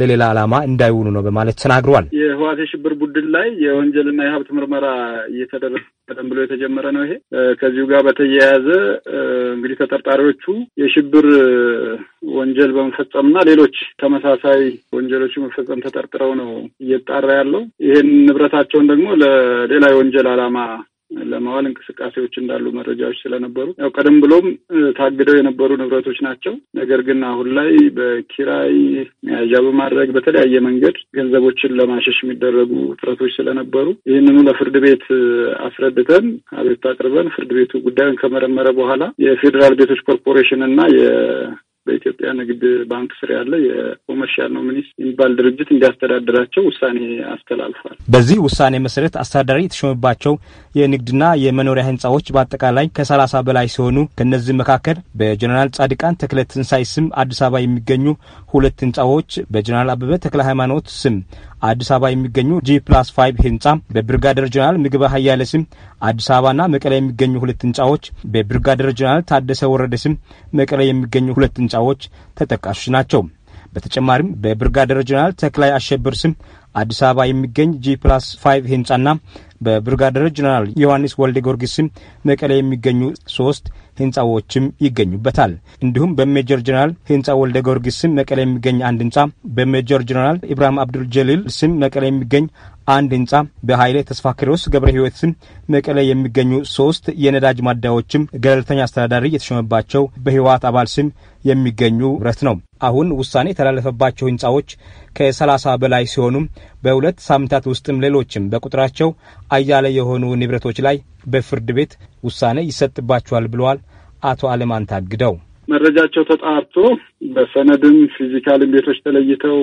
ለሌላ ዓላማ እንዳይውኑ ነው በማለት ተናግሯል። የህወሓት የሽብር ቡድን ላይ የወንጀልና የሀብት ምርመራ እየተደረገ ቀደም ብሎ የተጀመረ ነው። ይሄ ከዚሁ ጋር በተያያዘ እንግዲህ ተጠርጣሪዎቹ የሽብር ወንጀል በመፈጸምና ሌሎች ተመሳሳይ ወንጀሎች መፈጸም ተጠርጥረው ነው እየጣራ ያለው። ይሄን ንብረታቸውን ደግሞ ለሌላ የወንጀል ዓላማ ለማዋል እንቅስቃሴዎች እንዳሉ መረጃዎች ስለነበሩ ያው ቀደም ብሎም ታግደው የነበሩ ንብረቶች ናቸው። ነገር ግን አሁን ላይ በኪራይ መያዣ በማድረግ በተለያየ መንገድ ገንዘቦችን ለማሸሽ የሚደረጉ ጥረቶች ስለነበሩ ይህንኑ ለፍርድ ቤት አስረድተን አቤቱታ አቅርበን ፍርድ ቤቱ ጉዳዩን ከመረመረ በኋላ የፌዴራል ቤቶች ኮርፖሬሽን እና በኢትዮጵያ ንግድ ባንክ ስር ያለ የኮመርሻል ኖሚኒስ የሚባል ድርጅት እንዲያስተዳድራቸው ውሳኔ አስተላልፏል። በዚህ ውሳኔ መሰረት አስተዳዳሪ የተሾመባቸው የንግድና የመኖሪያ ህንፃዎች በአጠቃላይ ከሰላሳ በላይ ሲሆኑ ከእነዚህ መካከል በጀኔራል ጻድቃን ተክለ ትንሳኤ ስም አዲስ አበባ የሚገኙ ሁለት ህንፃዎች በጀኔራል አበበ ተክለ ሃይማኖት ስም አዲስ አበባ የሚገኙ ጂ ፕላስ ፋይቭ ህንጻ በብርጋደር ጀነራል ምግበ ሀያለ ስም አዲስ አበባና መቀለ የሚገኙ ሁለት ህንጻዎች በብርጋደር ጀነራል ታደሰ ወረደ ስም መቀለ የሚገኙ ሁለት ህንጻዎች ተጠቃሾች ናቸው። በተጨማሪም በብርጋደር ጀነራል ተክላይ አሸብር ስም አዲስ አበባ የሚገኝ ጂ ፕላስ ፋይቭ ህንጻና በብርጋደር ጀነራል ዮሐንስ ወልደ ጊዮርጊስ መቀሌ የሚገኙ ሶስት ህንጻዎችም ይገኙበታል። እንዲሁም በሜጀር ጀነራል ህንጻ ወልደ ጊዮርጊስ ስም መቀሌ የሚገኝ አንድ ህንጻ፣ በሜጀር ጀነራል ኢብራሂም አብዱል ጀሊል ስም መቀሌ የሚገኝ አንድ ህንጻ በኃይሌ ተስፋኪሮስ ገብረ ህይወት ስም መቀለ የሚገኙ ሶስት የነዳጅ ማደያዎችም ገለልተኛ አስተዳዳሪ የተሾመባቸው በህወሀት አባል ስም የሚገኙ ብረት ነው። አሁን ውሳኔ የተላለፈባቸው ህንጻዎች ከ30 በላይ ሲሆኑም በሁለት ሳምንታት ውስጥም ሌሎችም በቁጥራቸው አያሌ የሆኑ ንብረቶች ላይ በፍርድ ቤት ውሳኔ ይሰጥባቸዋል ብለዋል አቶ አለማንታ ታግደው። መረጃቸው ተጣርቶ በሰነድም ፊዚካልም ቤቶች ተለይተው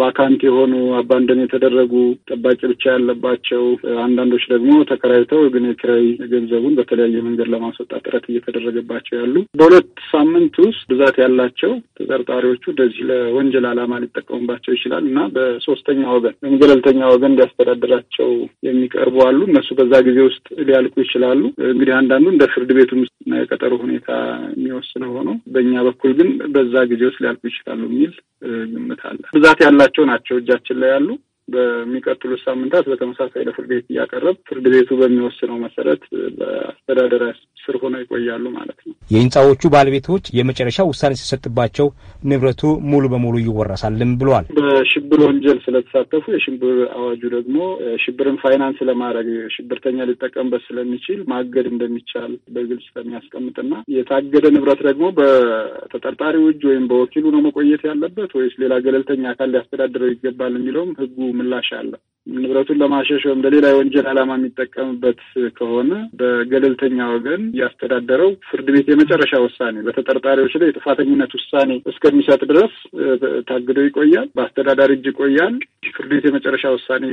ቫካንት የሆኑ አባንደን የተደረጉ ጠባቂ ብቻ ያለባቸው፣ አንዳንዶች ደግሞ ተከራይተው ግን የኪራይ ገንዘቡን በተለያየ መንገድ ለማስወጣት ጥረት እየተደረገባቸው ያሉ በሁለት ሳምንት ውስጥ ብዛት ያላቸው ተጠርጣሪዎቹ እንደዚህ ለወንጀል ዓላማ ሊጠቀሙባቸው ይችላል እና በሶስተኛ ወገን ወይም ገለልተኛ ወገን እንዲያስተዳድራቸው የሚቀርቡ አሉ። እነሱ በዛ ጊዜ ውስጥ ሊያልቁ ይችላሉ። እንግዲህ አንዳንዱ እንደ ፍርድ ቤቱ እና የቀጠሮ ሁኔታ የሚወስነው ሆኖ በእኛ በኩል ግን በዛ ጊዜ ውስጥ ሊያልቁ ይችላሉ የሚል ግምት አለ። ብዛት ያላቸው ናቸው እጃችን ላይ ያሉ በሚቀጥሉት ሳምንታት በተመሳሳይ ለፍርድ ቤት እያቀረብ ፍርድ ቤቱ በሚወስነው መሰረት በአስተዳደር ስር ሆነው ይቆያሉ ማለት ነው። የህንፃዎቹ ባለቤቶች የመጨረሻ ውሳኔ ሲሰጥባቸው ንብረቱ ሙሉ በሙሉ ይወረሳልም ብለዋል። በሽብር ወንጀል ስለተሳተፉ የሽብር አዋጁ ደግሞ ሽብርን ፋይናንስ ለማድረግ ሽብርተኛ ሊጠቀምበት ስለሚችል ማገድ እንደሚቻል በግልጽ ስለሚያስቀምጥና የታገደ ንብረት ደግሞ በተጠርጣሪው እጅ ወይም በወኪሉ ነው መቆየት ያለበት ወይስ ሌላ ገለልተኛ አካል ሊያስተዳድረው ይገባል የሚለውም ህጉ ምላሽ አለው። ንብረቱን ለማሸሽ ወይም ለሌላ የወንጀል ዓላማ የሚጠቀምበት ከሆነ በገለልተኛ ወገን እያስተዳደረው ፍርድ ቤት የመጨረሻ ውሳኔ በተጠርጣሪዎች ላይ የጥፋተኝነት ውሳኔ እስከሚሰጥ ድረስ ታግዶ ይቆያል። በአስተዳዳሪ እጅ ይቆያል። ፍርድ ቤት የመጨረሻ ውሳኔ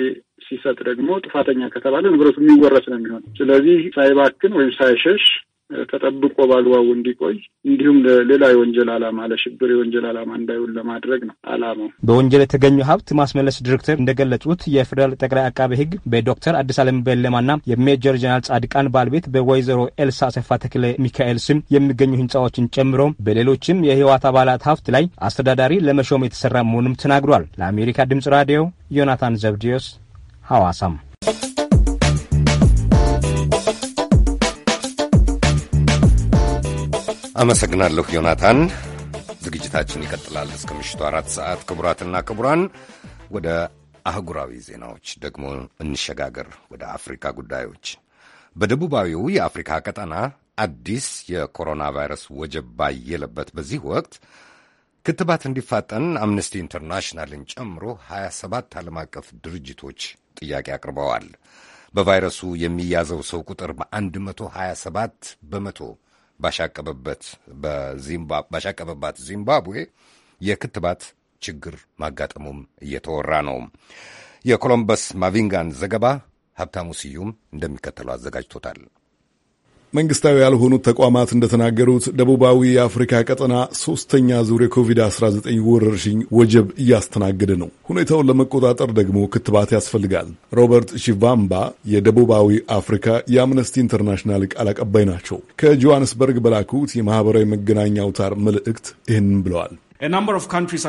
ሲሰጥ ደግሞ ጥፋተኛ ከተባለ ንብረቱ የሚወረስ ነው የሚሆነው። ስለዚህ ሳይባክን ወይም ሳይሸሽ ተጠብቆ ባግባቡ እንዲቆይ እንዲሁም ሌላ የወንጀል አላማ ለሽብር የወንጀል አላማ እንዳይውል ለማድረግ ነው አላማው። በወንጀል የተገኙ ሀብት ማስመለስ ዲሬክተር እንደገለጹት የፌዴራል ጠቅላይ አቃቤ ሕግ በዶክተር አዲስ አለም በለማና የሜጀር ጀነራል ጻድቃን ባልቤት በወይዘሮ ኤልሳ አሰፋ ተክለ ሚካኤል ስም የሚገኙ ህንፃዎችን ጨምሮ በሌሎችም የህወሓት አባላት ሀብት ላይ አስተዳዳሪ ለመሾም የተሰራ መሆኑም ተናግሯል። ለአሜሪካ ድምጽ ራዲዮ ዮናታን ዘብዲዮስ ሐዋሳም አመሰግናለሁ ዮናታን። ዝግጅታችን ይቀጥላል እስከ ምሽቱ አራት ሰዓት። ክቡራትና ክቡራን ወደ አህጉራዊ ዜናዎች ደግሞ እንሸጋገር። ወደ አፍሪካ ጉዳዮች በደቡባዊው የአፍሪካ ቀጠና አዲስ የኮሮና ቫይረስ ወጀብ ባየለበት በዚህ ወቅት ክትባት እንዲፋጠን አምነስቲ ኢንተርናሽናልን ጨምሮ 27 ዓለም አቀፍ ድርጅቶች ጥያቄ አቅርበዋል። በቫይረሱ የሚያዘው ሰው ቁጥር በ127 በመቶ ባሻቀበባት ዚምባብዌ የክትባት ችግር ማጋጠሙም እየተወራ ነው። የኮሎምበስ ማቪንጋን ዘገባ ሀብታሙ ስዩም እንደሚከተለው አዘጋጅቶታል። መንግስታዊ ያልሆኑት ተቋማት እንደተናገሩት ደቡባዊ የአፍሪካ ቀጠና ሶስተኛ ዙር የኮቪድ-19 ወረርሽኝ ወጀብ እያስተናገደ ነው። ሁኔታውን ለመቆጣጠር ደግሞ ክትባት ያስፈልጋል። ሮበርት ሺቫምባ የደቡባዊ አፍሪካ የአምነስቲ ኢንተርናሽናል ቃል አቀባይ ናቸው። ከጆሃንስበርግ በላኩት የማህበራዊ መገናኛ አውታር መልእክት ይህንን ብለዋል። ናሚቢያ፣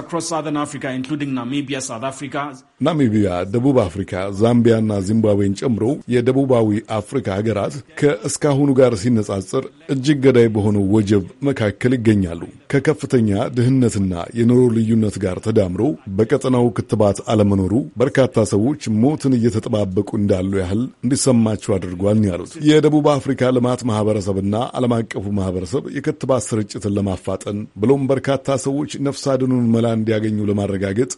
ደቡብ አፍሪካ፣ ዛምቢያና ዚምባብዌን ጨምሮ የደቡባዊ አፍሪካ ሀገራት ከእስካሁኑ ጋር ሲነጻጽር እጅግ ገዳይ በሆነው ወጀብ መካከል ይገኛሉ። ከከፍተኛ ድህነትና የኑሮ ልዩነት ጋር ተዳምሮ በቀጠናው ክትባት አለመኖሩ በርካታ ሰዎች ሞትን እየተጠባበቁ እንዳሉ ያህል እንዲሰማቸው አድርጓል ያሉት የደቡብ አፍሪካ ልማት ማህበረሰብና ዓለም አቀፉ ማህበረሰብ የክትባት ስርጭትን ለማፋጠን ብሎም በርካታ ሰዎች ነፍስ አድኑን መላ እንዲያገኙ ለማረጋገጥ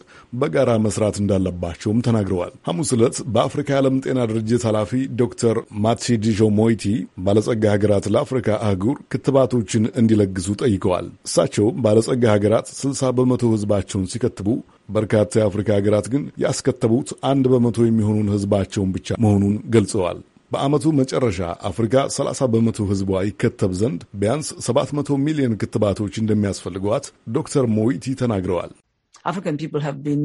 በጋራ መስራት እንዳለባቸውም ተናግረዋል። ሐሙስ ዕለት በአፍሪካ የዓለም ጤና ድርጅት ኃላፊ ዶክተር ማትሺዲሾ ሞይቲ ባለጸጋ ሀገራት ለአፍሪካ አህጉር ክትባቶችን እንዲለግሱ ጠይቀዋል። እሳቸውም ባለጸጋ ሀገራት 60 በመቶ ህዝባቸውን ሲከትቡ በርካታ የአፍሪካ ሀገራት ግን ያስከተቡት አንድ በመቶ የሚሆኑን ህዝባቸውን ብቻ መሆኑን ገልጸዋል። በዓመቱ መጨረሻ አፍሪካ 30 በመቶ ህዝቧ ይከተብ ዘንድ ቢያንስ 700 ሚሊዮን ክትባቶች እንደሚያስፈልጓት ዶክተር ሞዊቲ ተናግረዋል። African people have been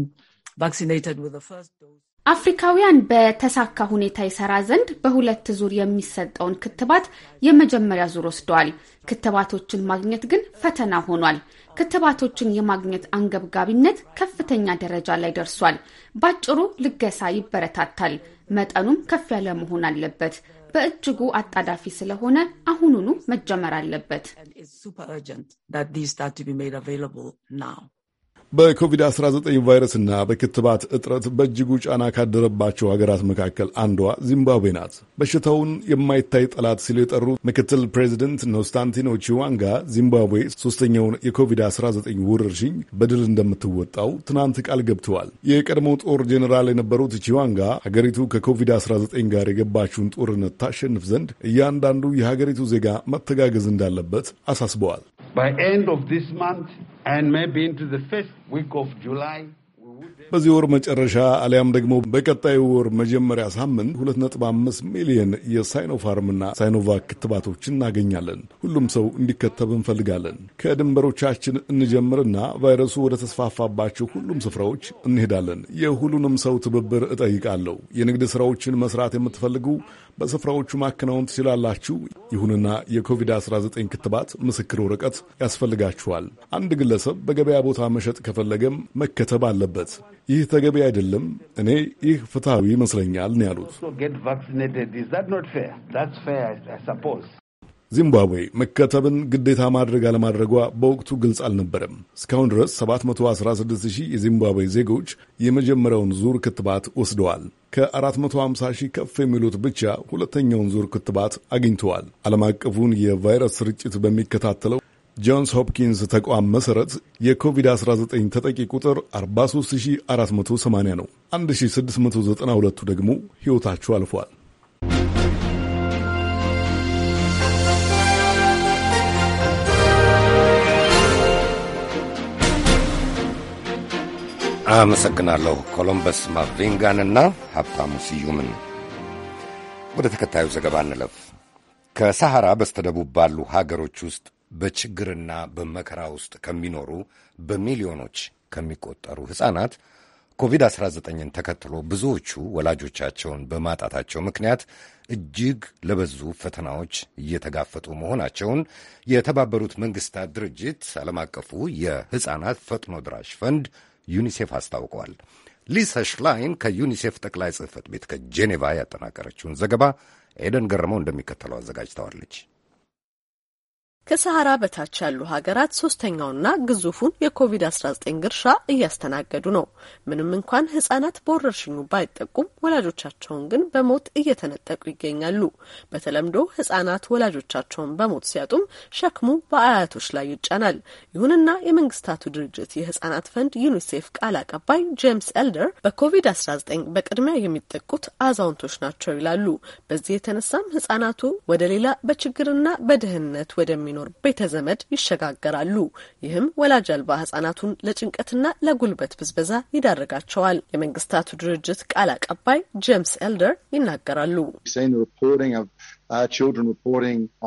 vaccinated with the first dose. አፍሪካውያን በተሳካ ሁኔታ ይሰራ ዘንድ በሁለት ዙር የሚሰጠውን ክትባት የመጀመሪያ ዙር ወስደዋል። ክትባቶችን ማግኘት ግን ፈተና ሆኗል። ክትባቶችን የማግኘት አንገብጋቢነት ከፍተኛ ደረጃ ላይ ደርሷል። ባጭሩ ልገሳ ይበረታታል። መጠኑም ከፍ ያለ መሆን አለበት። በእጅጉ አጣዳፊ ስለሆነ አሁኑኑ መጀመር አለበት። በኮቪድ-19 ቫይረስና በክትባት እጥረት በእጅጉ ጫና ካደረባቸው ሀገራት መካከል አንዷ ዚምባብዌ ናት። በሽታውን የማይታይ ጠላት ሲሉ የጠሩት ምክትል ፕሬዚደንት ኖስታንቲኖ ቺዋንጋ ዚምባብዌ ሶስተኛውን የኮቪድ-19 ወረርሽኝ በድል እንደምትወጣው ትናንት ቃል ገብተዋል። የቀድሞ ጦር ጄኔራል የነበሩት ቺዋንጋ ሀገሪቱ ከኮቪድ-19 ጋር የገባችውን ጦርነት ታሸንፍ ዘንድ እያንዳንዱ የሀገሪቱ ዜጋ መተጋገዝ እንዳለበት አሳስበዋል። በዚህ ወር መጨረሻ አሊያም ደግሞ በቀጣዩ ወር መጀመሪያ ሳምንት 2.5 ሚሊዮን የሳይኖፋርምና ሳይኖቫክ ክትባቶችን እናገኛለን። ሁሉም ሰው እንዲከተብ እንፈልጋለን። ከድንበሮቻችን እንጀምርና ቫይረሱ ወደ ተስፋፋባቸው ሁሉም ስፍራዎች እንሄዳለን። የሁሉንም ሰው ትብብር እጠይቃለሁ። የንግድ ሥራዎችን መስራት የምትፈልጉ በስፍራዎቹ ማከናወን ትችላላችሁ። ይሁንና የኮቪድ-19 ክትባት ምስክር ወረቀት ያስፈልጋችኋል። አንድ ግለሰብ በገበያ ቦታ መሸጥ ከፈለገም መከተብ አለበት። ይህ ተገቢ አይደለም። እኔ ይህ ፍትሐዊ ይመስለኛል ነው ያሉት። ዚምባብዌ መከተብን ግዴታ ማድረግ አለማድረጓ በወቅቱ ግልጽ አልነበረም። እስካሁን ድረስ 716 ሺህ የዚምባብዌ ዜጎች የመጀመሪያውን ዙር ክትባት ወስደዋል። ከ450 ሺህ ከፍ የሚሉት ብቻ ሁለተኛውን ዙር ክትባት አግኝተዋል። ዓለም አቀፉን የቫይረስ ስርጭት በሚከታተለው ጆንስ ሆፕኪንስ ተቋም መሠረት የኮቪድ-19 ተጠቂ ቁጥር 43480 ነው። 1692ቱ ደግሞ ሕይወታቸው አልፏል። አመሰግናለሁ ኮሎምበስ ማቬንጋንና ሀብታሙ ስዩምን። ወደ ተከታዩ ዘገባ እንለፍ። ከሰሐራ በስተደቡብ ባሉ ሀገሮች ውስጥ በችግርና በመከራ ውስጥ ከሚኖሩ በሚሊዮኖች ከሚቆጠሩ ሕፃናት ኮቪድ-19ን ተከትሎ ብዙዎቹ ወላጆቻቸውን በማጣታቸው ምክንያት እጅግ ለበዙ ፈተናዎች እየተጋፈጡ መሆናቸውን የተባበሩት መንግስታት ድርጅት ዓለም አቀፉ የሕፃናት ፈጥኖ ድራሽ ፈንድ ዩኒሴፍ አስታውቀዋል። ሊሳ ሽላይን ከዩኒሴፍ ጠቅላይ ጽህፈት ቤት ከጄኔቫ ያጠናቀረችውን ዘገባ ኤደን ገረመው እንደሚከተለው አዘጋጅተዋለች። ከሰሃራ በታች ያሉ ሀገራት ሶስተኛውና ግዙፉን የኮቪድ-19 ግርሻ እያስተናገዱ ነው። ምንም እንኳን ህጻናት በወረርሽኙ ባይጠቁም ወላጆቻቸውን ግን በሞት እየተነጠቁ ይገኛሉ። በተለምዶ ህጻናት ወላጆቻቸውን በሞት ሲያጡም ሸክሙ በአያቶች ላይ ይጫናል። ይሁንና የመንግስታቱ ድርጅት የህጻናት ፈንድ ዩኒሴፍ ቃል አቀባይ ጄምስ ኤልደር በኮቪድ-19 በቅድሚያ የሚጠቁት አዛውንቶች ናቸው ይላሉ። በዚህ የተነሳም ህጻናቱ ወደ ሌላ በችግርና በድህነት ወደሚ ወደማይኖር ቤተ ዘመድ ይሸጋገራሉ። ይህም ወላጅ አልባ ህጻናቱን ለጭንቀትና ለጉልበት ብዝበዛ ይዳርጋቸዋል። የመንግስታቱ ድርጅት ቃል አቀባይ ጄምስ ኤልደር ይናገራሉ። Uh,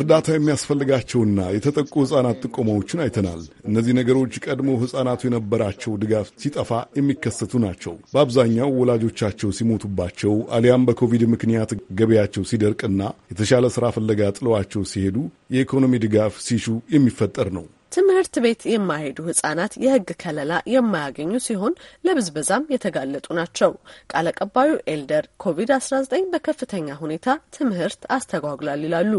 እርዳታ የሚያስፈልጋቸውና የተጠቁ ሕፃናት ጥቆማዎችን አይተናል። እነዚህ ነገሮች ቀድሞ ሕፃናቱ የነበራቸው ድጋፍ ሲጠፋ የሚከሰቱ ናቸው። በአብዛኛው ወላጆቻቸው ሲሞቱባቸው አሊያም በኮቪድ ምክንያት ገበያቸው ሲደርቅና የተሻለ ሥራ ፍለጋ ጥለዋቸው ሲሄዱ የኢኮኖሚ ድጋፍ ሲሹ የሚፈጠር ነው። ትምህርት ቤት የማይሄዱ ህጻናት የህግ ከለላ የማያገኙ ሲሆን ለብዝበዛም የተጋለጡ ናቸው። ቃል አቀባዩ ኤልደር ኮቪድ-19 በከፍተኛ ሁኔታ ትምህርት አስተጓጉላል ይላሉ።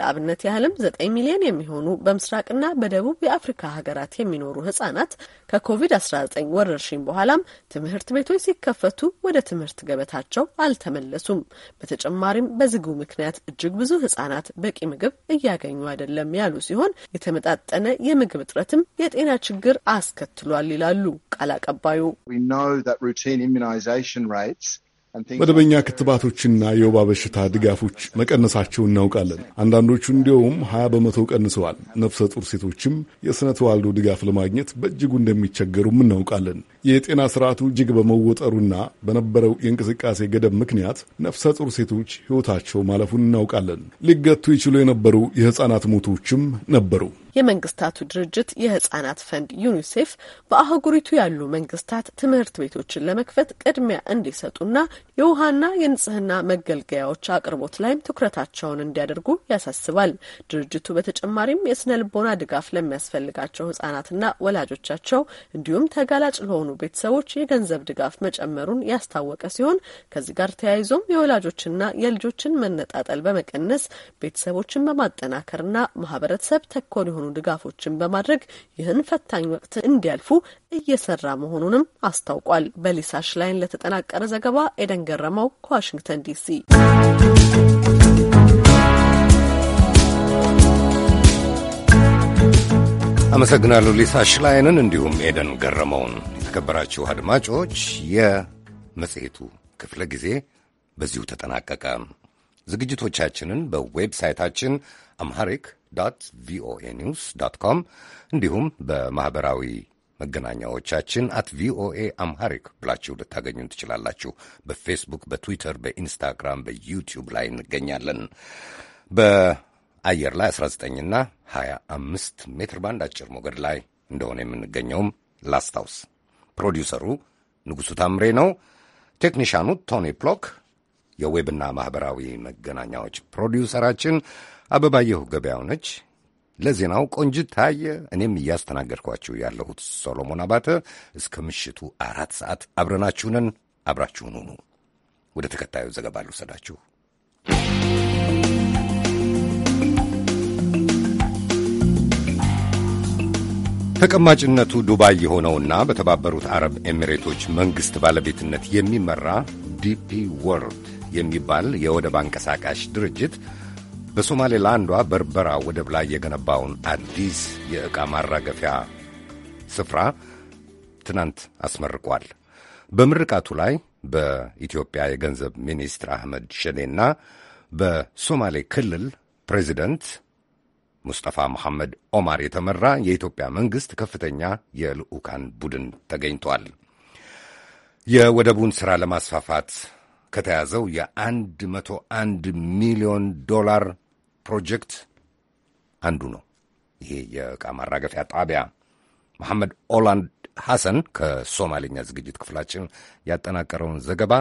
ለአብነት ያህልም ዘጠኝ ሚሊዮን የሚሆኑ በምስራቅና በደቡብ የአፍሪካ ሀገራት የሚኖሩ ህጻናት ከኮቪድ-19 ወረርሽኝ በኋላም ትምህርት ቤቶች ሲከፈቱ ወደ ትምህርት ገበታቸው አልተመለሱም። በተጨማሪም በዝጉ ምክንያት እጅግ ብዙ ህጻናት በቂ ምግብ እያገኙ አይደለም ያሉ ሲሆን የተመጣጠነ የምግብ እጥረትም የጤና ችግር አስከትሏል ይላሉ ቃል አቀባዩ። መደበኛ ክትባቶችና የወባ በሽታ ድጋፎች መቀነሳቸውን እናውቃለን። አንዳንዶቹ እንዲያውም ሀያ በመቶ ቀንሰዋል። ነፍሰ ጡር ሴቶችም የሥነ ተዋልዶ ድጋፍ ለማግኘት በእጅጉ እንደሚቸገሩም እናውቃለን። የጤና ስርዓቱ እጅግ በመወጠሩና በነበረው የእንቅስቃሴ ገደብ ምክንያት ነፍሰ ጡር ሴቶች ሕይወታቸው ማለፉን እናውቃለን። ሊገቱ ይችሉ የነበሩ የሕፃናት ሞቶችም ነበሩ። የመንግስታቱ ድርጅት የህጻናት ፈንድ ዩኒሴፍ በአህጉሪቱ ያሉ መንግስታት ትምህርት ቤቶችን ለመክፈት ቅድሚያ እንዲሰጡና የውሃና የንጽህና መገልገያዎች አቅርቦት ላይም ትኩረታቸውን እንዲያደርጉ ያሳስባል። ድርጅቱ በተጨማሪም የስነ ልቦና ድጋፍ ለሚያስፈልጋቸው ህጻናትና ወላጆቻቸው እንዲሁም ተጋላጭ ለሆኑ ቤተሰቦች የገንዘብ ድጋፍ መጨመሩን ያስታወቀ ሲሆን ከዚህ ጋር ተያይዞም የወላጆችና የልጆችን መነጣጠል በመቀነስ ቤተሰቦችን በማጠናከርና ማህበረተሰብ ተኮር የሆኑ ድጋፎችን በማድረግ ይህን ፈታኝ ወቅት እንዲያልፉ እየሰራ መሆኑንም አስታውቋል። በሊሳ ሽላይን ለተጠናቀረ ዘገባ ኤደን ገረመው ከዋሽንግተን ዲሲ አመሰግናለሁ። ሊሳ ሽላይንን እንዲሁም ኤደን ገረመውን። የተከበራችሁ አድማጮች የመጽሔቱ ክፍለ ጊዜ በዚሁ ተጠናቀቀ። ዝግጅቶቻችንን በዌብሳይታችን አምሐሪክ ዶት ቪኦኤ ኒውስ ዶት ኮም እንዲሁም በማኅበራዊ መገናኛዎቻችን አት ቪኦኤ አምሃሪክ ብላችሁ ልታገኙን ትችላላችሁ። በፌስቡክ፣ በትዊተር፣ በኢንስታግራም፣ በዩቲዩብ ላይ እንገኛለን። በአየር ላይ 19ና 25 ሜትር ባንድ አጭር ሞገድ ላይ እንደሆነ የምንገኘውም ላስታውስ። ፕሮዲውሰሩ ንጉሡ ታምሬ ነው። ቴክኒሻኑ ቶኒ ፕሎክ፣ የዌብና ማኅበራዊ መገናኛዎች ፕሮዲውሰራችን አበባየሁ ገበያው ነች። ለዜናው ቆንጅት ታየ። እኔም እያስተናገድኳችሁ ያለሁት ሶሎሞን አባተ። እስከ ምሽቱ አራት ሰዓት አብረናችሁንን አብራችሁን ሁኑ። ወደ ተከታዩ ዘገባ ልውሰዳችሁ። ተቀማጭነቱ ዱባይ የሆነውና በተባበሩት አረብ ኤሚሬቶች መንግሥት ባለቤትነት የሚመራ ዲፒ ወርልድ የሚባል የወደብ አንቀሳቃሽ ድርጅት በሶማሌላንዷ በርበራ ወደብ ላይ የገነባውን አዲስ የዕቃ ማራገፊያ ስፍራ ትናንት አስመርቋል። በምርቃቱ ላይ በኢትዮጵያ የገንዘብ ሚኒስትር አህመድ ሸኔና በሶማሌ ክልል ፕሬዚደንት ሙስጠፋ መሐመድ ኦማር የተመራ የኢትዮጵያ መንግሥት ከፍተኛ የልዑካን ቡድን ተገኝቷል። የወደቡን ሥራ ለማስፋፋት ከተያዘው የ101 ሚሊዮን ዶላር ፕሮጀክት አንዱ ነው። ይሄ የዕቃ ማራገፊያ ጣቢያ መሐመድ ኦላንድ ሐሰን ከሶማሌኛ ዝግጅት ክፍላችን ያጠናቀረውን ዘገባ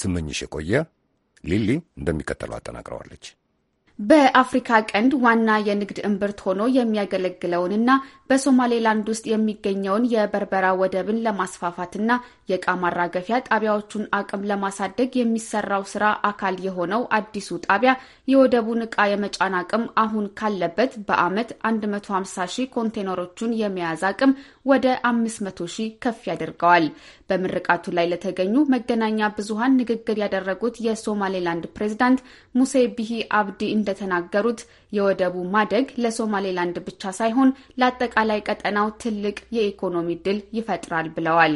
ስመኝሽ የቆየ ሊሊ እንደሚከተለው አጠናቅረዋለች። በአፍሪካ ቀንድ ዋና የንግድ እምብርት ሆኖ የሚያገለግለውንና በሶማሌላንድ ውስጥ የሚገኘውን የበርበራ ወደብን ለማስፋፋትና የእቃ ማራገፊያ ጣቢያዎቹን አቅም ለማሳደግ የሚሰራው ስራ አካል የሆነው አዲሱ ጣቢያ የወደቡን እቃ የመጫን አቅም አሁን ካለበት በአመት 150 ሺህ ኮንቴነሮቹን የመያዝ አቅም ወደ 500 ሺህ ከፍ ያደርገዋል። በምርቃቱ ላይ ለተገኙ መገናኛ ብዙሃን ንግግር ያደረጉት የሶማሌላንድ ፕሬዚዳንት ሙሴ ቢሂ አብዲ እንደተናገሩት የወደቡ ማደግ ለሶማሌላንድ ብቻ ሳይሆን ለአጠቃላይ ቀጠናው ትልቅ የኢኮኖሚ ድል ይፈጥራል ብለዋል።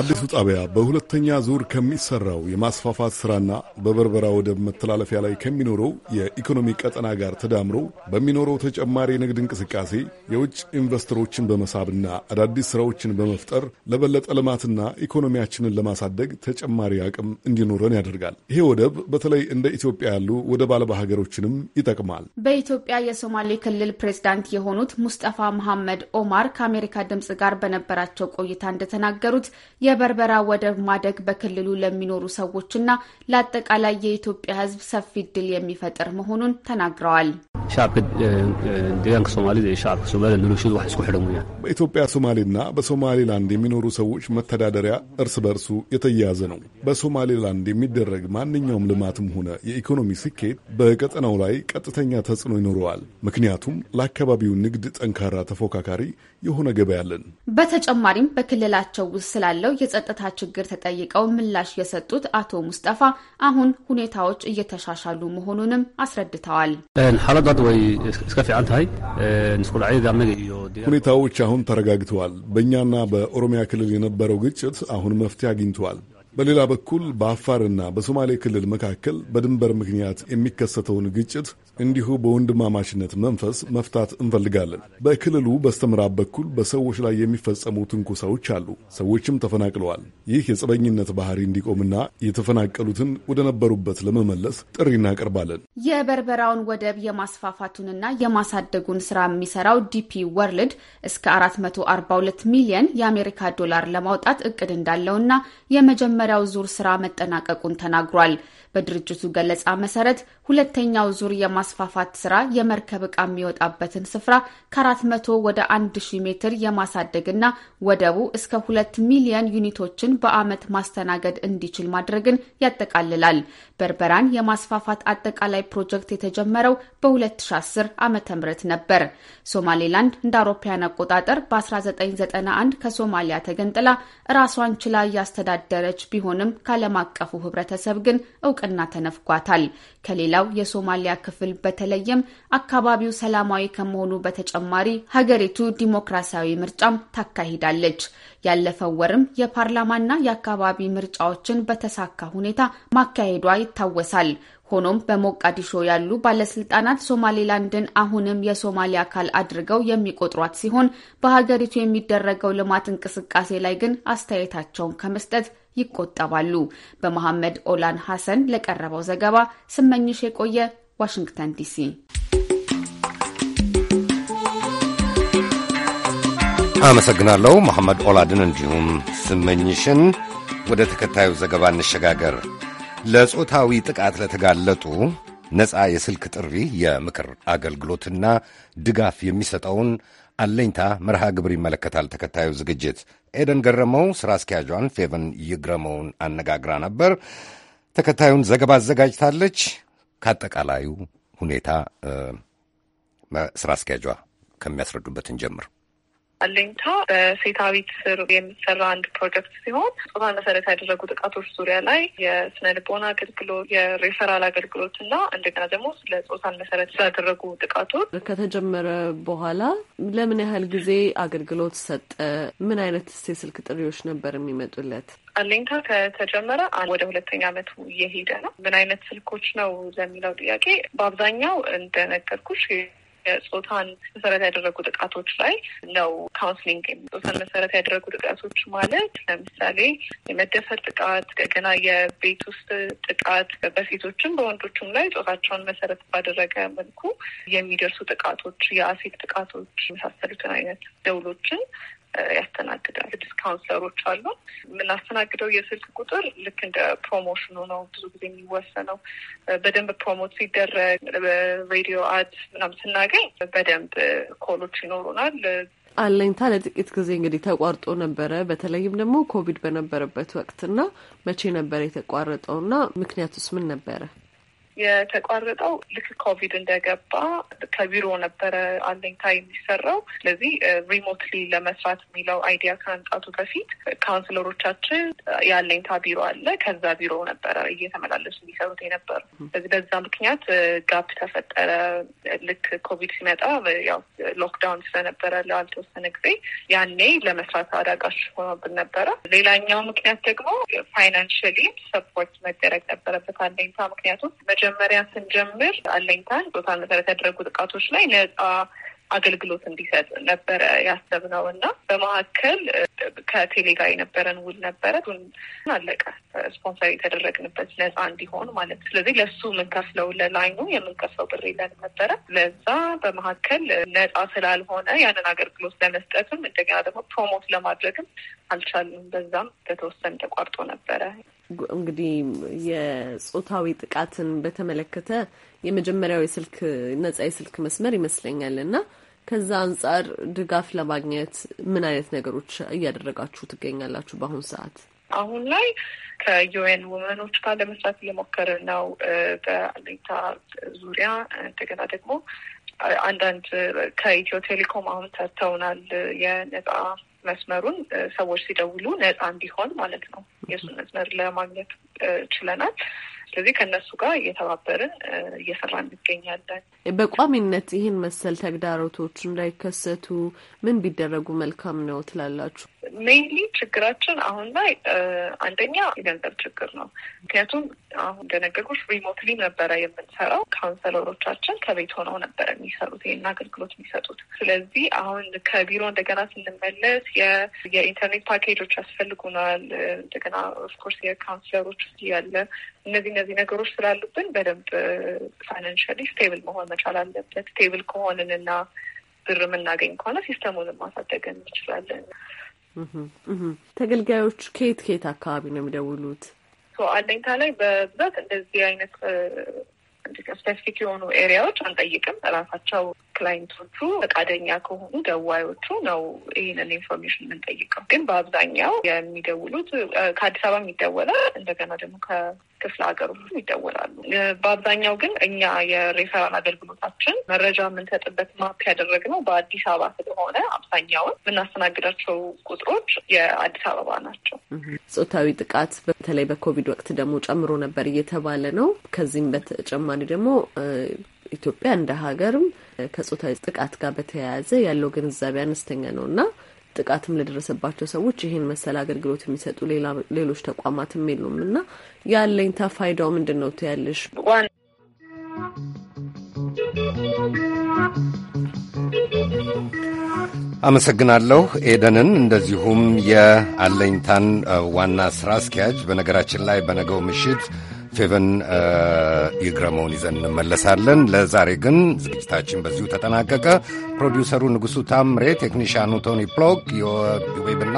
አዲሱ ጣቢያ በሁለተኛ ዙር ከሚሰራው የማስፋፋት ስራና በበርበራ ወደብ መተላለፊያ ላይ ከሚኖረው የኢኮኖሚ ቀጠና ጋር ተዳምሮ በሚኖረው ተጨማሪ የንግድ እንቅስቃሴ የውጭ ኢንቨስተሮችን በመሳብና አዳዲስ ስራዎችን በመፍጠር ለበለጠ ልማትና ኢኮኖሚያችንን ለማሳደግ ተጨማሪ አቅም እንዲኖረን ያደርጋል። ይሄ ወደብ በተለይ እንደ ኢትዮጵያ ያሉ ወደብ አልባ ሀገሮችንም ይጠቅማል። በኢትዮጵያ የሶማሌ ክልል ፕሬዝዳንት የሆኑት ሙስጠፋ መሐመድ ኦማር ከአሜሪካ ድምፅ ጋር በነበራቸው ቆይታ እንደተናገሩት የበርበራ ወደብ ማደግ በክልሉ ለሚኖሩ ሰዎችና ለአጠቃላይ የኢትዮጵያ ሕዝብ ሰፊ እድል የሚፈጥር መሆኑን ተናግረዋል። በኢትዮጵያ ሶማሌና በሶማሌላንድ የሚኖሩ ሰዎች መተዳደሪያ እርስ በርሱ የተያያዘ ነው። በሶማሌላንድ የሚደረግ ማንኛውም ልማትም ሆነ የኢኮኖሚ ስኬት በቀጠናው ላይ ቀጥተኛ ተጽዕኖ ይኖረዋል። ምክንያቱም ለአካባቢው ንግድ ጠንካራ ተፎካካሪ የሆነ ገበያ አለን። በተጨማሪም በክልላቸው ውስጥ ስላለው የጸጥታ ችግር ተጠይቀው ምላሽ የሰጡት አቶ ሙስጠፋ አሁን ሁኔታዎች እየተሻሻሉ መሆኑንም አስረድተዋል። ርሕቐት ወይ እስካ ፊዓል እንታይ ንስ ዳርነገ ሁኔታዎች አሁን ተረጋግተዋል። በእኛና በኦሮሚያ ክልል የነበረው ግጭት አሁን መፍትሄ አግኝተዋል። በሌላ በኩል በአፋርና በሶማሌ ክልል መካከል በድንበር ምክንያት የሚከሰተውን ግጭት እንዲሁ በወንድማማችነት መንፈስ መፍታት እንፈልጋለን። በክልሉ በስተምዕራብ በኩል በሰዎች ላይ የሚፈጸሙ ትንኮሳዎች አሉ። ሰዎችም ተፈናቅለዋል። ይህ የጽበኝነት ባህሪ እንዲቆምና የተፈናቀሉትን ወደ ነበሩበት ለመመለስ ጥሪ እናቀርባለን። የበርበራውን ወደብ የማስፋፋቱንና የማሳደጉን ስራ የሚሰራው ዲፒ ወርልድ እስከ 442 ሚሊየን የአሜሪካ ዶላር ለማውጣት እቅድ እንዳለውና የመጀመ የመጀመሪያው ዙር ስራ መጠናቀቁን ተናግሯል። በድርጅቱ ገለጻ መሰረት ሁለተኛው ዙር የማስፋፋት ስራ የመርከብ ዕቃ የሚወጣበትን ስፍራ ከ400 ወደ 1000 ሺህ ሜትር የማሳደግና ወደቡ እስከ ሁለት ሚሊየን ዩኒቶችን በዓመት ማስተናገድ እንዲችል ማድረግን ያጠቃልላል። በርበራን የማስፋፋት አጠቃላይ ፕሮጀክት የተጀመረው በ2010 ዓ ም ነበር። ሶማሌላንድ እንደ አውሮፓውያን አቆጣጠር በ1991 ከሶማሊያ ተገንጥላ ራሷን ችላ እያስተዳደረች ቢሆንም ከዓለም አቀፉ ህብረተሰብ ግን እውቅና ተነፍጓታል። ከሌላው የሶማሊያ ክፍል በተለየም አካባቢው ሰላማዊ ከመሆኑ በተጨማሪ ሀገሪቱ ዲሞክራሲያዊ ምርጫም ታካሂዳለች። ያለፈው ወርም የፓርላማና የአካባቢ ምርጫዎችን በተሳካ ሁኔታ ማካሄዷ ይታወሳል። ሆኖም በሞቃዲሾ ያሉ ባለስልጣናት ሶማሌላንድን አሁንም የሶማሊያ አካል አድርገው የሚቆጥሯት ሲሆን በሀገሪቱ የሚደረገው ልማት እንቅስቃሴ ላይ ግን አስተያየታቸውን ከመስጠት ይቆጠባሉ። በመሐመድ ኦላን ሐሰን ለቀረበው ዘገባ ስመኝሽ የቆየ ዋሽንግተን ዲሲ። አመሰግናለሁ መሐመድ ኦላድን እንዲሁም ስመኝሽን። ወደ ተከታዩ ዘገባ እንሸጋገር። ለጾታዊ ጥቃት ለተጋለጡ ነፃ የስልክ ጥሪ የምክር አገልግሎትና ድጋፍ የሚሰጠውን አለኝታ መርሃ ግብር ይመለከታል ተከታዩ ዝግጅት። ኤደን ገረመው ስራ አስኪያጇን ፌቨን ይግረመውን አነጋግራ ነበር። ተከታዩን ዘገባ አዘጋጅታለች። ከአጠቃላዩ ሁኔታ ስራ አስኪያጇ ከሚያስረዱበትን ጀምር አለኝታ በሴታዊት ስር የሚሰራ አንድ ፕሮጀክት ሲሆን ጾታ መሰረት ያደረጉ ጥቃቶች ዙሪያ ላይ የስነ ልቦና አገልግሎት፣ የሬፈራል አገልግሎት እና እንደገና ደግሞ ስለ ጾታን መሰረት ስላደረጉ ጥቃቶች ከተጀመረ በኋላ ለምን ያህል ጊዜ አገልግሎት ሰጠ? ምን አይነት የስልክ ጥሪዎች ነበር የሚመጡለት? አለኝታ ከተጀመረ ወደ ሁለተኛ ዓመቱ እየሄደ ነው። ምን አይነት ስልኮች ነው ለሚለው ጥያቄ በአብዛኛው እንደነገርኩሽ ጾታን መሰረት ያደረጉ ጥቃቶች ላይ ነው ካውንስሊንግ። ጾታን መሰረት ያደረጉ ጥቃቶች ማለት ለምሳሌ የመደፈር ጥቃት፣ እንደገና የቤት ውስጥ ጥቃት፣ በሴቶችም በወንዶችም ላይ ጾታቸውን መሰረት ባደረገ መልኩ የሚደርሱ ጥቃቶች፣ የአሴት ጥቃቶች የመሳሰሉትን አይነት ደውሎችን ያስተናግዳል። ካውንስለሮች አሉ። የምናስተናግደው የስልክ ቁጥር ልክ እንደ ፕሮሞሽኑ ነው ብዙ ጊዜ የሚወሰነው። በደንብ ፕሮሞት ሲደረግ በሬዲዮ አድ ምናምን ስናገኝ በደንብ ኮሎች ይኖሩናል። አለኝታ ለጥቂት ጊዜ እንግዲህ ተቋርጦ ነበረ። በተለይም ደግሞ ኮቪድ በነበረበት ወቅት እና መቼ ነበረ የተቋረጠው እና ምክንያቱስ ምን ነበረ? የተቋረጠው ልክ ኮቪድ እንደገባ ከቢሮ ነበረ አለኝታ የሚሰራው። ስለዚህ ሪሞትሊ ለመስራት የሚለው አይዲያ ከመምጣቱ በፊት ካውንስለሮቻችን የአለኝታ ቢሮ አለ፣ ከዛ ቢሮ ነበረ እየተመላለሱ የሚሰሩት የነበሩ። ስለዚህ በዛ ምክንያት ጋፕ ተፈጠረ። ልክ ኮቪድ ሲመጣ ያው ሎክዳውን ስለነበረ ላልተወሰነ ጊዜ ያኔ ለመስራት አዳጋች ሆኖብን ነበረ። ሌላኛው ምክንያት ደግሞ ፋይናንሽሊ ሰፖርት መደረግ ነበረበት አለኝታ ምክንያቱም መጀመሪያ ስንጀምር አለኝታን ጾታን መሰረት ያደረጉ ጥቃቶች ላይ ነጻ አገልግሎት እንዲሰጥ ነበረ ያሰብነው እና በመካከል ከቴሌ ጋር የነበረን ውል ነበረ አለቀ። ስፖንሰር የተደረግንበት ነፃ እንዲሆን ማለት ስለዚህ ለሱ የምንከፍለው ለላይኑ የምንከፍለው ብር ይለን ነበረ። ለዛ በመካከል ነፃ ስላልሆነ ያንን አገልግሎት ለመስጠትም እንደገና ደግሞ ፕሮሞት ለማድረግም አልቻልም። በዛም በተወሰነ ተቋርጦ ነበረ። እንግዲህ የጾታዊ ጥቃትን በተመለከተ የመጀመሪያው የስልክ ነጻ የስልክ መስመር ይመስለኛል እና ከዛ አንጻር ድጋፍ ለማግኘት ምን አይነት ነገሮች እያደረጋችሁ ትገኛላችሁ በአሁኑ ሰዓት? አሁን ላይ ከዩኤን ውመኖች ጋር ለመስራት እየሞከረ ነው በአለኝታ ዙሪያ። እንደገና ደግሞ አንዳንድ ከኢትዮ ቴሌኮም አሁን ተተውናል? የነጻ መስመሩን ሰዎች ሲደውሉ ነፃ እንዲሆን ማለት ነው። የእሱን መስመር ለማግኘት ችለናል። ስለዚህ ከእነሱ ጋር እየተባበርን እየሰራ እንገኛለን። በቋሚነት ይህን መሰል ተግዳሮቶች እንዳይከሰቱ ምን ቢደረጉ መልካም ነው ትላላችሁ? ሜይንሊ ችግራችን አሁን ላይ አንደኛ የገንዘብ ችግር ነው። ምክንያቱም አሁን እንደነገርኩሽ ሪሞትሊ ነበረ የምንሰራው። ካውንሰለሮቻችን ከቤት ሆነው ነበረ የሚሰሩት ይህን አገልግሎት የሚሰጡት። ስለዚህ አሁን ከቢሮ እንደገና ስንመለስ የኢንተርኔት ፓኬጆች ያስፈልጉናል። እንደገና ኦፍኮርስ የካውንስለሮች ያለ እነዚህ እነዚህ ነገሮች ስላሉብን በደንብ ፋይናንሻሊ ስቴብል መሆን መቻል አለበት። ስቴብል ከሆንን ከሆንንና ብር የምናገኝ ከሆነ ሲስተሙን ማሳደግ እንችላለን። ተገልጋዮቹ ከየት ከየት አካባቢ ነው የሚደውሉት? አለኝታ ላይ በብዛት እንደዚህ አይነት ስፔሲፊክ የሆኑ ኤሪያዎች አንጠይቅም። ራሳቸው ክላይንቶቹ ፈቃደኛ ከሆኑ ደዋዮቹ ነው ይህንን ኢንፎርሜሽን የምንጠይቀው። ግን በአብዛኛው የሚደውሉት ከአዲስ አበባ ይደወላል። እንደገና ደግሞ ከክፍለ ሀገሩ ይደወላሉ። በአብዛኛው ግን እኛ የሬፈራል አገልግሎታችን መረጃ የምንሰጥበት ማፕ ያደረግነው በአዲስ አበባ ስለሆነ አብዛኛውን የምናስተናግዳቸው ቁጥሮች የአዲስ አበባ ናቸው። ጾታዊ ጥቃት በተለይ በኮቪድ ወቅት ደግሞ ጨምሮ ነበር እየተባለ ነው። ከዚህም በተጨማሪ ደግሞ ኢትዮጵያ እንደ ሀገርም ከጾታዊ ጥቃት ጋር በተያያዘ ያለው ግንዛቤ አነስተኛ ነው እና ጥቃትም ለደረሰባቸው ሰዎች ይህን መሰል አገልግሎት የሚሰጡ ሌሎች ተቋማትም የሉም እና ያለኝታ ፋይዳው ምንድን ነው ትያለሽ? አመሰግናለሁ ኤደንን፣ እንደዚሁም የአለኝታን ዋና ስራ አስኪያጅ። በነገራችን ላይ በነገው ምሽት ፌቨን ይግረመውን ይዘን እንመለሳለን። ለዛሬ ግን ዝግጅታችን በዚሁ ተጠናቀቀ። ፕሮዲውሰሩ ንጉሡ ታምሬ፣ ቴክኒሽያኑ ቶኒ ፕሎግ፣ የዌብና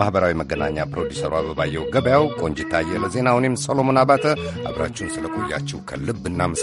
ማኅበራዊ መገናኛ ፕሮዲውሰሩ አበባየው ገበያው፣ ቆንጂታየ ለዜና፣ እኔም ሰሎሞን አባተ አብራችሁን ስለቆያችሁ ከልብ እናመሰ